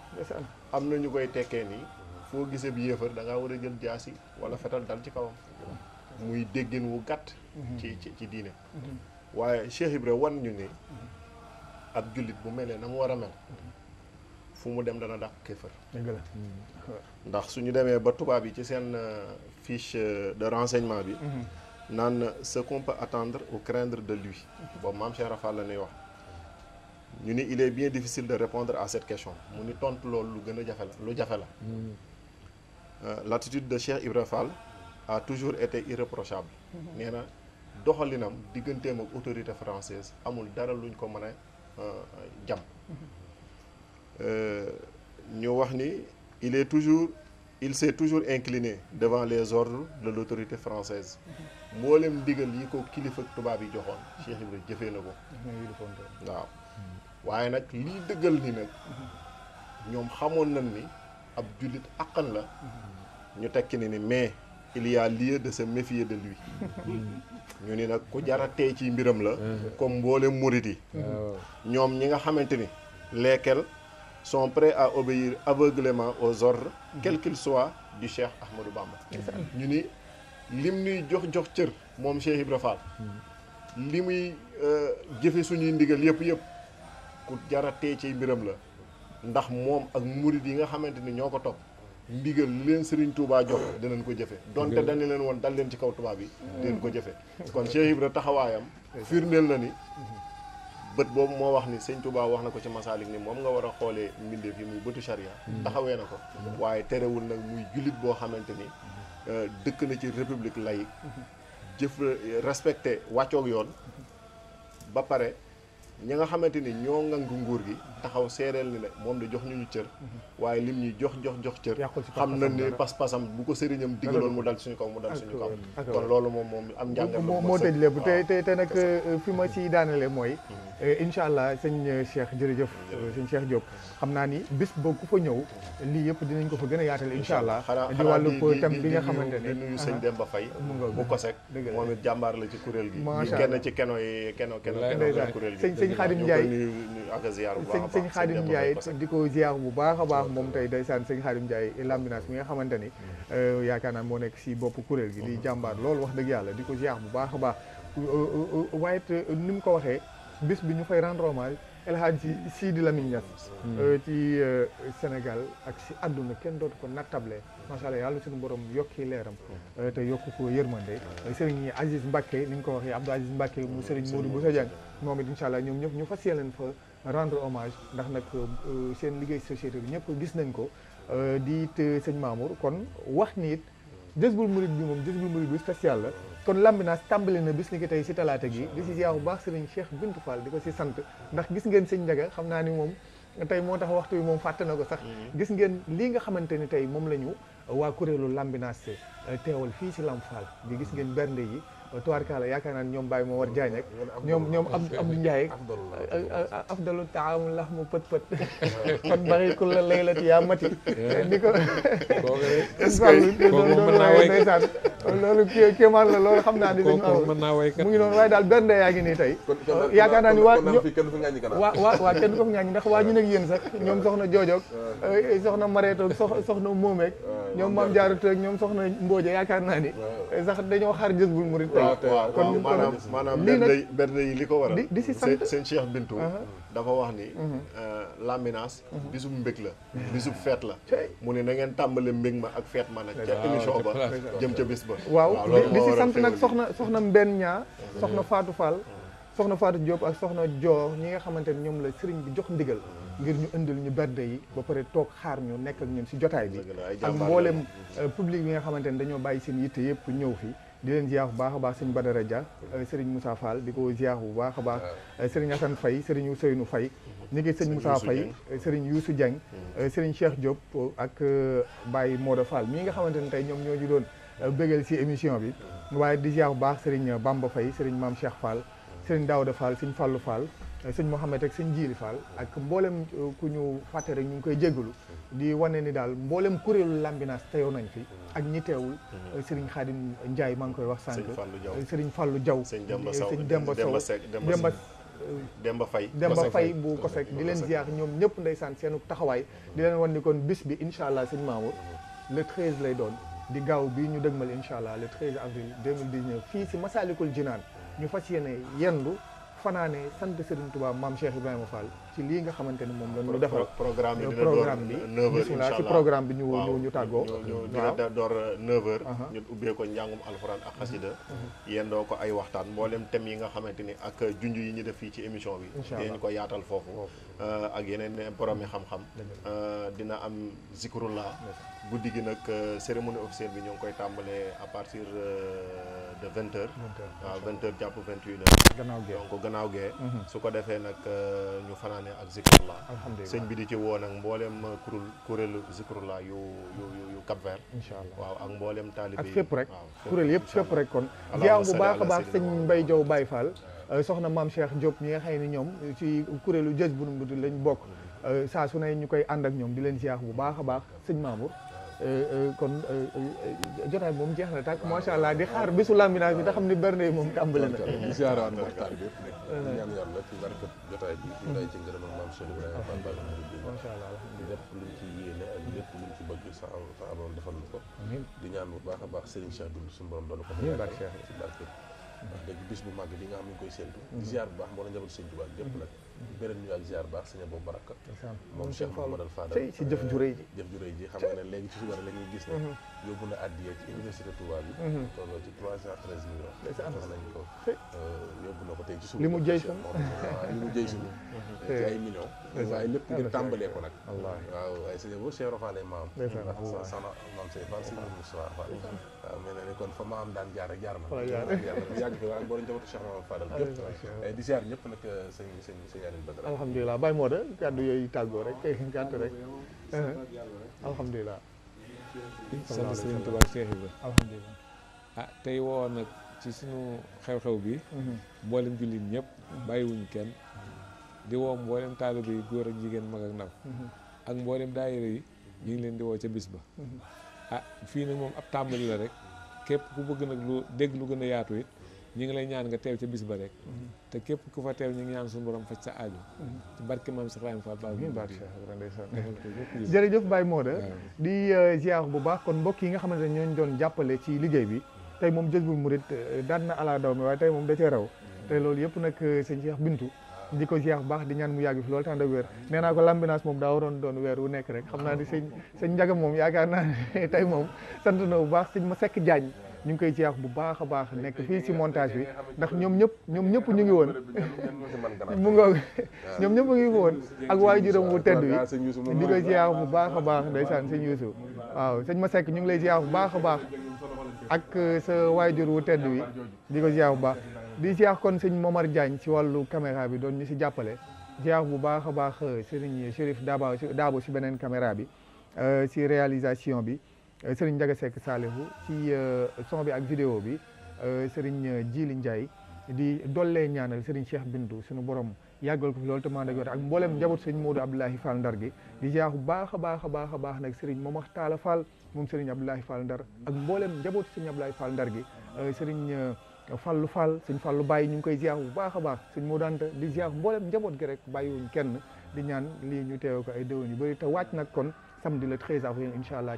أمن يقوي تكني فوق سبيه فرد غاور الجل جاسي ولا فتال دلتي كوم muy déggin wu gàtt. Mhm. ci ci ci diine. Mhm. waaye Cheikh ibrahim wan ñu ne. Mhm. ab julit bu melé na mu war a mel. fu mu dem dana dàq kéefër. ndax suñu démé ba tuba bi ci sen euh, fiche euh, de renseignement bi. naan ce qu'on peut attendre ou craindre de lui. boobu mam Cheikh Rafal la ni wax. ñu ni il est bien difficile de répondre à cette question mu ni tontu loolu lu gëna a la lu jafe la. Euh, l'attitude de Cheikh Ibra Fall a toujours été irréprochable. Mhm. Néna doxalinam digganteem mak autorité française amul dara luñ ko mën euh, jam. jam. Euh, ñu wax ni il est toujours il s'est toujours incliné devant les ordres de l'autorité française Molem mhm. ndigal yi ko kilifa tubaab yi joxone Cheikh Ibrahima jëfee na ko. waaw waaye nag lii dëggal ni nak ñom xamoon nañ ni ab jullit la. Mhm. ñu tekki ni ni mais il y a lieu de se méfier de lui hmm. ñu ni nag ku jara tey ci mbiram la hmm. comme mboole mouride. Hmm. Ah, Ñom ñi nga xamanteni ni lesquels sont prêts à obéir aveuglément aux ordres quel qu'il soit du Cheikh Ahmadou Bamba ñu ni lim nuy jox jox cër mom Cheikh Ibra Fall li muy euh, jëfe suñuy ndigal yëpp yëpp ku jara tey ci mbiram la ndax mom ak mouride yi nga xamanteni ñoko top. ndigal li leen Serigne Touba jox dinañ ko jëfe donte dañu leen woon dal leen ci kaw tubaab yi hmm. dinañ ko jëfe kon Cheikh Ibra taxawaayam firndeel na ni hmm. bët boobu moo wax ni sëñ Touba wax na ko ci masaalik ni moom nga war a xoolee mbindeef yi muy bëtu charia hmm. taxawee na ko waaye terewul nag muy jullit boo xamante ni euh, dëkk na ci république laïque jëf respecté wàccook yoon ba pare ñi nga xamante ni ñoo ngang nguur gi taxaw seereel ni ne moom di jox ñu ñu cër waaye lim ñuy jox jox jox cër xam na ni pas-pasam bu ko sëriñam digaloon mu dal suñu loolu moom moom am moo tëj lépp te te te nag euh, fi ma ci daanale mooy mm-hmm. euh, incha allah sëñ euh, Cheikh jërëjëf mm-hmm. sëñ Cheikh Diop xam naa ni bis boo ku fa ñëw lii yëpp dinañ ko fa gën a yaatal incha allah di wàllu ko thème bi nga xamante ne nuyu sëñ Demba Faye bu ko sek moom it jàmbaar la ci kuréel gi kenn ci keno yi keno sëñ Xaadim Njaay sëñ Xaadim Njaay di ko ziar bu baax a baax moom day ndeysaan sëñ xaari Njaay lambinaas mi nga xamante ni mm-hmm. euh, yaakaar naa moo nekk si bopp kuréel gi di mm-hmm. jàmbaar loolu wax dëgg yàlla di ko ziar bu baax a baax euh, euh, waaye it ni ko waxee bis bi ñu fay rendre hommage El Hadji Sidi Lamine Niass hmm. euh, ci euh, Sénégal ak si àdduna kenn dootu ko nattable macha allah yàlla suñu borom yokki leeram euh, te yokku ko yërmande hmm. sëriñ Aziz Mbacke ni nga ko waxee Abdou Aziz Mbacke mu hmm. sëriñ Modou bu Dieng moom it incha allah ñoom ñëpp ñu fas yéeneen fa rendre hommage ndax nag seen liggéey société bi ñëpp gis nañ ko di it sëñ Mamour kon wax ni it Jazboul Mouride bi moom Jazboul Mouride bi spécial la kon Lambinaas tàmbali na bis ni ki tey si talaate gi di si ziar bu baax sëriñ Cheikh Bintou Fall di ko si sant ndax gis ngeen sëñ Njaga xam naa ni moom tey moo tax waxtu bi moom fàtte na ko sax mm-hmm. gis ngeen lii nga xamante ni tey moom la ñu waa kuréelu Lambinaas teewal fii si Lamp Fall di gis ngeen bernde yi tubaarkaala yaakaar naa ñoom Baye moo war Diagne ak ñoom ñoom Abdou Ndiaye afdalu taamu lax mu pët pët kon bari ku la laylati yaa mati di ko loolu kii kéemaan la loolu xam naa ni dañu mu ngi noonu waaye daal bernde yaa ngi nii tey uh, yaakaar naa ni waa waa waa waa kenn ko fi ñaañi ndax waa ñu nag yéen sax ñoom soxna joojoog uh, soxna mareetoog soxna moomeeg ñoom maam jaarutoog ñoom soxna mbooja yaakaar naa ni sax dañoo xar jës bul murit tey waaw kon maanaam maanaam berde berde yi li ko waral di si sant seen Cheikh Bintu dafa wax ni euh, laminaas bisub mbég la bisub feet la mu ne na ngeen tàmbale mbég ma ak feet ma na ca émission ba jëm ca bis ba waaw di si sant nag soxna soxna Mbène ñaa soxna Fatou Fall na Fatou Diop ak soxna Dior ñi nga xamante ne ñoom la sëriñ bi jox ndigal ngir ñu indil ñu berde yi ba pare toog xaar ñu nekk ak ñun si jotaay bi ak mboolem euh, public bi nga xamante ne dañoo bàyyi seen yitte yëpp ñëw fi di leen ziar bu baax a baax sëñ Badara Dia euh, sëriñ Moussa Fall di ko ziar bu baax a baax euh, sëriñ Assane Faye sëriñ Ousseynou Faye mhm. ñu ngi sëñ Moussa Faye euh, sëriñ Youssou Dieng mhm. sëriñ Cheikh Diop ak Baye Modou Fall mii nga xamante ne tey ñoom ñoo ñu doon bégal si émission bi mhm. waaye di ziar bu baax sëriñ Bamba fay sëriñ Mame Cheikh Fall sëriñ Daouda Fall sëñ Fallou Fall sëñ Mouhamed ak sëñ Jili Fall ak mboolem uh, ku ñu fàtte rek ñu ngi koy jégalu di wane ni daal mboolem kuréelu Lambinaas teew nañ fi ak ñi teewul uh, Serigne Khadim Ndiaye maa ngi koy wax sànq Serigne Fallou Diaw uh, sëñ Demba Sow Demba Demba Faye Demba Faye bu ko fekk di leen ziar ñoom ñëpp ndeysaan seenu taxawaay di leen wan ni kon bis bi incha allah sëñ Mamour le 13 lay doon di gaaw bii ñu dëgmal incha allah le 13 avril 2019 fii si Massalikul Jinaan ñu fas yéene yendu fanaanee sant Serigne Touba maam Cheikh Ibrahima Fall ci lii nga xamante ni moom la ñu defal programme bi programme bi bisimilah ci bi ñu ñëw ñu tàggoo waaw door 9 heures uh-huh. ñu ubbee ko njàngum alxuraan ak xasida uh-huh. Uh-huh. yendoo ko ay waxtaan mboolem thème yi nga xamante ni ak junj yi ñu def fii ci émission bi dinañ ko yaatal foofu uh, ak yeneen eh, boromi xam-xam uh, dina am zikrullah guddi gi nag uh, cérémonie officielle bi ñoo ngi koy tàmbalee à partir euh, de vingt heures waaw vingt heures jàpp vingt une heures donc gannaaw gee mhm. su ko defee nag euh, ñu fanaane ak zikrullah sëñ bi di ci woo nag mbooleem euh, kuréel kuréelu zikrullah yu yu yu Cap Vert incha allah waaw ak mbooleem taalibe ak fépp rek kuréel yëpp fépp rek kon jaaw bu baax a baax sëñ Mbaye Diaw Baye faal euh, soxna maam Cheikh Diop ñi xëy ni ñoom ci kuréelu jës bu nu lañu bokk mm-hmm. saa su ne ñu koy ànd ak ñoom di leen ziar bu baax a baax sëñ Mamour Euh, euh, kon euh, jotaay moom jeex na tàkk macha allah di xaar bisu laminage bi te xam ni bernde moom tàmbale na. di ziaraat waxtaan bi yëpp nekk. ñaan yàlla ci bi. ñu day ci allah lépp luñ ci yéene ak lépp luñ ci bëgg sa sa amoon defal na ko. di ñaan bu baax a baax Serigne Cheikh Dund suñu borom doon ko. ñu barke ci barke. bis bu màgg bi nga xam ne ñu koy séntu. di ziar bu baax moo la njaboot Sëñ Tuubaa yëpp nag. beneen ñu ak ziar baax sëñ boobu baraka moom Cheikh Mouhamadou Fadal ci jëf ju ji jëf ju rëy ji xam nga ne léegi ci suba la gis ne mhm. yóbbu na addiya ci université Touba bi. Mhm. tolloo ci trois cent treize millions. tey nañ ko euh, yóbbu na ko tey ci suuf. li mu jëy suñu li mu jëy suñu. ci ay millions. waaye lépp ngir tàmbalee ko nag. wallaahi waaw ay sëñ boobu Cheikh Rofane maam. ndax sama maam Seydou Fall si ñoom Moussa Fall. waaw mel na ne kon fa ma am daan jaar ak jaar ma. waaw jaar yàgg fi waaye boole njabootu Cheikh Rofane Fadal. Eh, di ziar ñëpp nag euh, sëñ sëñ sëñ Aliou Badara. alhamdulilah Baye Modou kàddu yooyu tàggoo rek kay gàtt rek. alhamdulilah uh-huh. sant Sëriñ Tuubaa Cheikh Ibrahima alhamdulilah ah tey woo nag ci suñu xew-xew bi mhm. mboolem jullit ñëpp mhm. bàyyiwuñu kenn di woo mboolem taalibe yi góor ak jigéen mag ak ndaw mhm. ak mboolem daayira yi ñu ngi leen di woo ca bis ba ah fii nag moom ab tàmbali la rek képp ku bëgg nag lu dégg lu gën a yaatu it ñu ngi lay ñaan nga teew ca bis ba rek mm-hmm. te képp ku fa teew ñu ngi ñaan suñu borom faj sa aajo mm-hmm. ci barke maam Cheikh Ibrahima di euh, ziar bu baax kon mbokk yi nga xamante ne ñooñu doon jàppale ci liggéey bi tey moom Jazboul Mouride euh, daan na ala daw mi waaye tey moom da cee raw mm-hmm. tey loolu yëpp nag euh, sëñ Cheikh Bintu di ko ziar baax di ñaan mu yàgg fi loolu tànda wér nee naa ko lambinaas moom daa waroon doon weer wu nekk rek xam naa ni sëñ sëñ Njaga moom yaakaar naa ne moom sant na bu baax sëñ ma sekk Jaañ ñu ngi koy jeex bu baax a baax nekk fii ci montage bi ndax ñoom ñëpp ñoom ñëpp ñu ngi woon mu nga ñoom ñëpp ngi woon ak waajuram wu tedd bi di koy jeex bu baax day a baax ñu sëñ Youssou waaw sëñ ma sekk ñu ngi lay jeex bu baax a baax ak uh, sa jur wu tedd wi di ko jeex bu baax di jeex kon sëñ Momar Diagne si wàllu caméra bi doon ñu si jàppale jeex bu baax a baax uh, sëriñ Chérif Daba Dabo si beneen caméra bi si uh, réalisation bi Serigne Ndiaga Seck Saalihu ci euh, son bi ak vidéo bi euh, Serigne euh, Djili Ndiaye di dollee ñaanal Serigne Cheikh Bintu suñu borom yàggal ko loolu te maa ngi ak mboolem njaboot sëñ Modou Abdoulahi Fall Ndar gi di jaax bu baax a baax a baax a baax nag Serigne Momar Talla Fall moom Serigne Abdoulahi Fall Ndar ak mboolem njaboot sëñ Abdoulahi Fall Ndar gi Serigne Fallu Fall sëñ Fallu Baye ñu ngi koy jaax bu baax a baax sëñ Modou Anta di jaax mboolem njaboot gi rek bàyyiwuñ kenn di ñaan lii ñu teew ko ay déwén yu bëri te wàcc nag kon samedi le 13 avril incha allah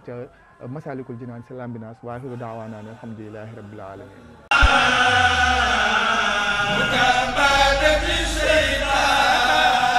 Masaalikul Jinaan si Lambinaas wa aaxiru da'waanaa alhamdulillaahi rabbil aalamiin